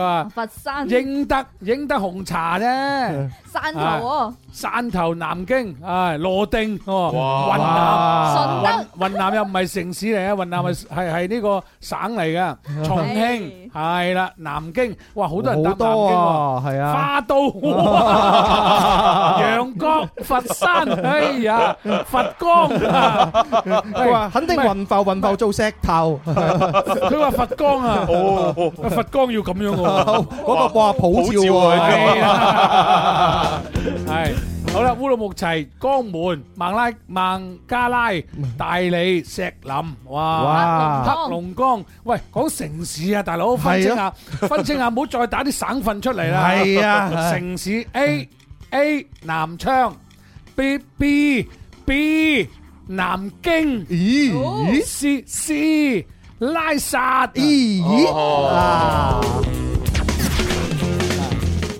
話，英
德英德紅茶咧。 汕頭、汕頭、南京、啊羅定、哇、雲南、順德、雲南又唔係城市嚟啊，雲南係係呢個省嚟嘅。重慶係啦，南京，哇，好多人搭南京，係啊，花都、陽江、佛山，哎呀，佛岡佢話
肯定雲浮，雲浮做石頭，佢話佛岡啊，佛岡要咁樣嘅，嗰個哇普
照係好啦，烏魯木齊、江門、孟拉、孟加拉、大理、石林、哇、黑龍江。喂，講城市啊，大佬，分清下，分清下，唔好再打啲省份出嚟啦。係啊，城市 A A 南昌，B B B 南京，C C 拉薩 D。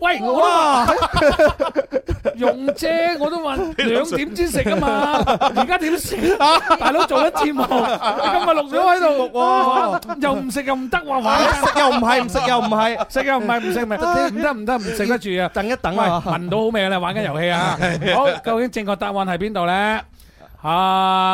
喂我啊，容姐，我都話兩點先食啊嘛，而家點食啊？大佬做緊節目，今日錄咗喺度錄喎，又唔食又唔得，話玩食又唔係，唔食又唔係，食又唔係，唔食唔得，唔得唔食得住啊！等一等啊，問到好味啦，玩緊遊戲啊，好，究竟正確答案係邊度咧？吓，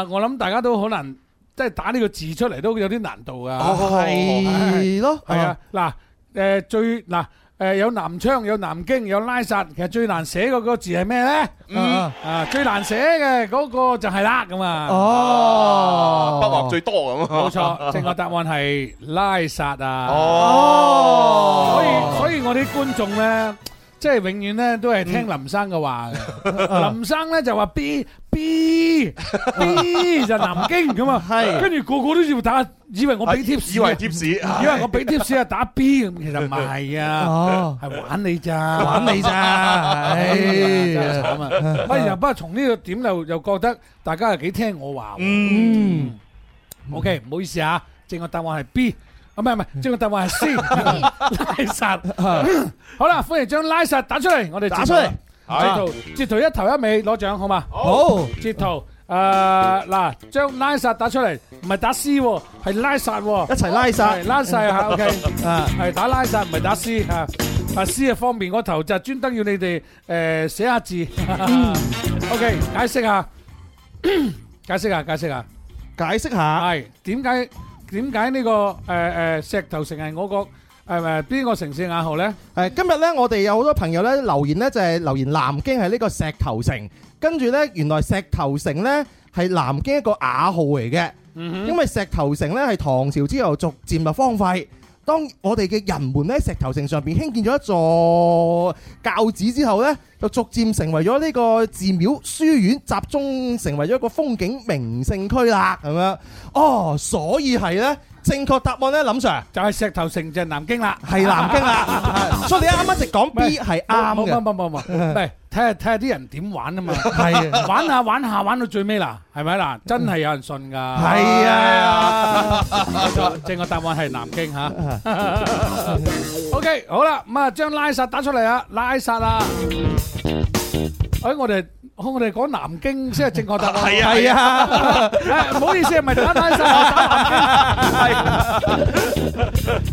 我諗大家都可能即係打呢個字出嚟都有啲難
度噶，係咯，係啊，
嗱，誒，最嗱。誒、呃，有南昌，有南京，有拉薩，其實最難寫嗰個字係咩咧？啊，啊，最難寫嘅嗰個就係啦咁啊。哦，筆畫最
多咁。冇
錯， 正確答案係拉薩啊。哦，哦所，所以所以我啲觀眾咧。即係永遠咧都係聽林生嘅話，林生咧就話 B B B 就南京咁啊，係跟住個個都要打，以為我俾貼士，以為貼士，以為我俾貼士啊打 B，其實唔係啊，係玩你咋，玩你咋，唉，真係慘啊！不又不過從呢個點又又覺得大家係幾聽我話，嗯，OK，唔好意思啊，正確答案係 B。唔係唔係，接個答案係 C 拉薩。好啦，歡迎將拉薩打出嚟，我哋打出嚟。截圖，截圖一頭一尾攞獎好嘛？好，截圖誒嗱，將拉薩打出嚟，唔係打 C，係拉薩，一齊拉薩，拉薩，O K，係打拉薩，唔係打 C 吓，但 C 啊方便個頭就專登要你哋誒寫下字。O K，解釋下，解釋下，解釋下，解釋下，係點解？點解呢個誒誒、呃、石頭城係我國誒誒邊個城市雅號呢？誒，
今日呢，我哋有好多朋友咧留言呢就係留言南京係呢個石頭城，跟住呢，原來石頭城呢係南京一個雅號嚟嘅，因為石頭城呢係唐朝之後逐漸就荒廢。當我哋嘅人們咧，石頭城上邊興建咗一座教寺之後呢，就逐漸成為咗呢個寺廟書院集中，成為咗一個風景名勝區啦，咁樣哦，所以
係呢。正確答案咧，林 Sir 就係石頭城就係南京啦，係南京啦。 所以你啱啱一直講 B 係啱，冇冇冇，唔唔，睇下睇下啲人點玩啊嘛。係 玩下玩下玩到最尾啦，係咪啦？真係有人信噶。係啊，正確答案係南京嚇。啊、 OK，好啦，咁啊將拉薩打出嚟啊，拉薩啊，誒、哎、我哋。我我哋講南京先係正確答案。係啊，唔好意思，唔係同一單新聞。係，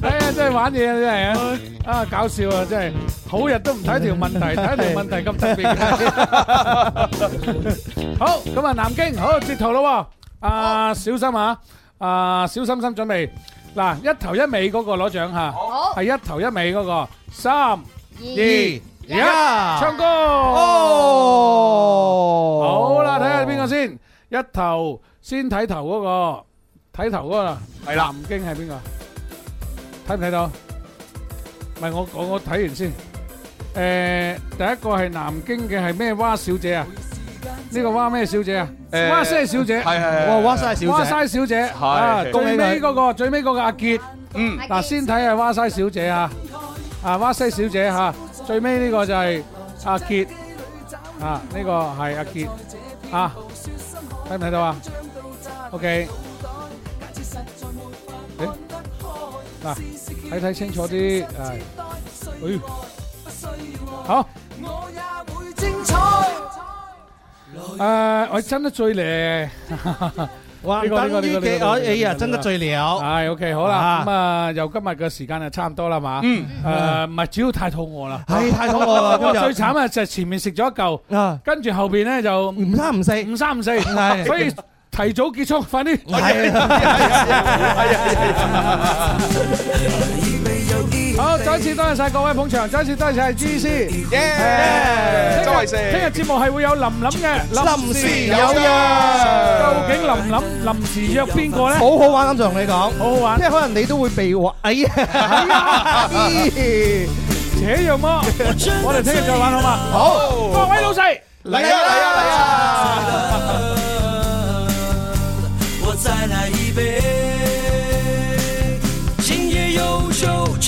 哎呀，真係玩嘢啊，真係啊，啊，搞笑啊，真係，好日都唔睇條問題，睇條問題咁特別。好，咁啊，南京，好截圖咯。啊，小心啊，啊，小心心準備。嗱，一頭一尾嗰個攞獎吓，係一頭一尾嗰個，三二。呀！唱歌，好啦，睇下邊個先。一頭先睇頭嗰個，睇頭嗰個啦，係啦，南京係邊個？睇唔睇到？唔係我我我睇完先。誒，第一個係南京嘅係咩？蛙小姐啊？呢個蛙咩小姐啊？蛙西小姐，係係，哇西小姐，哇西小姐，係啊。最尾嗰個，最尾嗰個阿杰，嗯，嗱，先睇下蛙西小姐啊，啊，蛙西小姐吓。最尾呢個就係阿杰啊，呢個係阿杰啊，睇唔睇到啊？OK，嗱，睇睇、嗯啊、清楚啲，誒、嗯，嗯、哎，嗯、好，誒、呃，我真得最靚。 哇！呢個哎呀？真得醉了。係 OK，好啦。咁啊，由今日嘅時間就差唔多啦嘛。嗯。誒唔係主要太肚餓啦。係太肚餓啦。我最慘啊，就前面食咗一嚿，跟住後邊咧就唔三唔四，唔三唔四。係，所以提早結束，快啲。係。好，再次多謝晒各位捧場，再次多謝 GEC。耶！周圍食，
聽
日節目係會有林林嘅，臨時有約。究竟林林臨時約邊個咧？好好玩，
我就同你講，好好玩。即係可能你都會被話，哎呀，
這樣麼？我哋聽日再玩好嘛？好，各位老細，
嚟啊嚟啊嚟啊！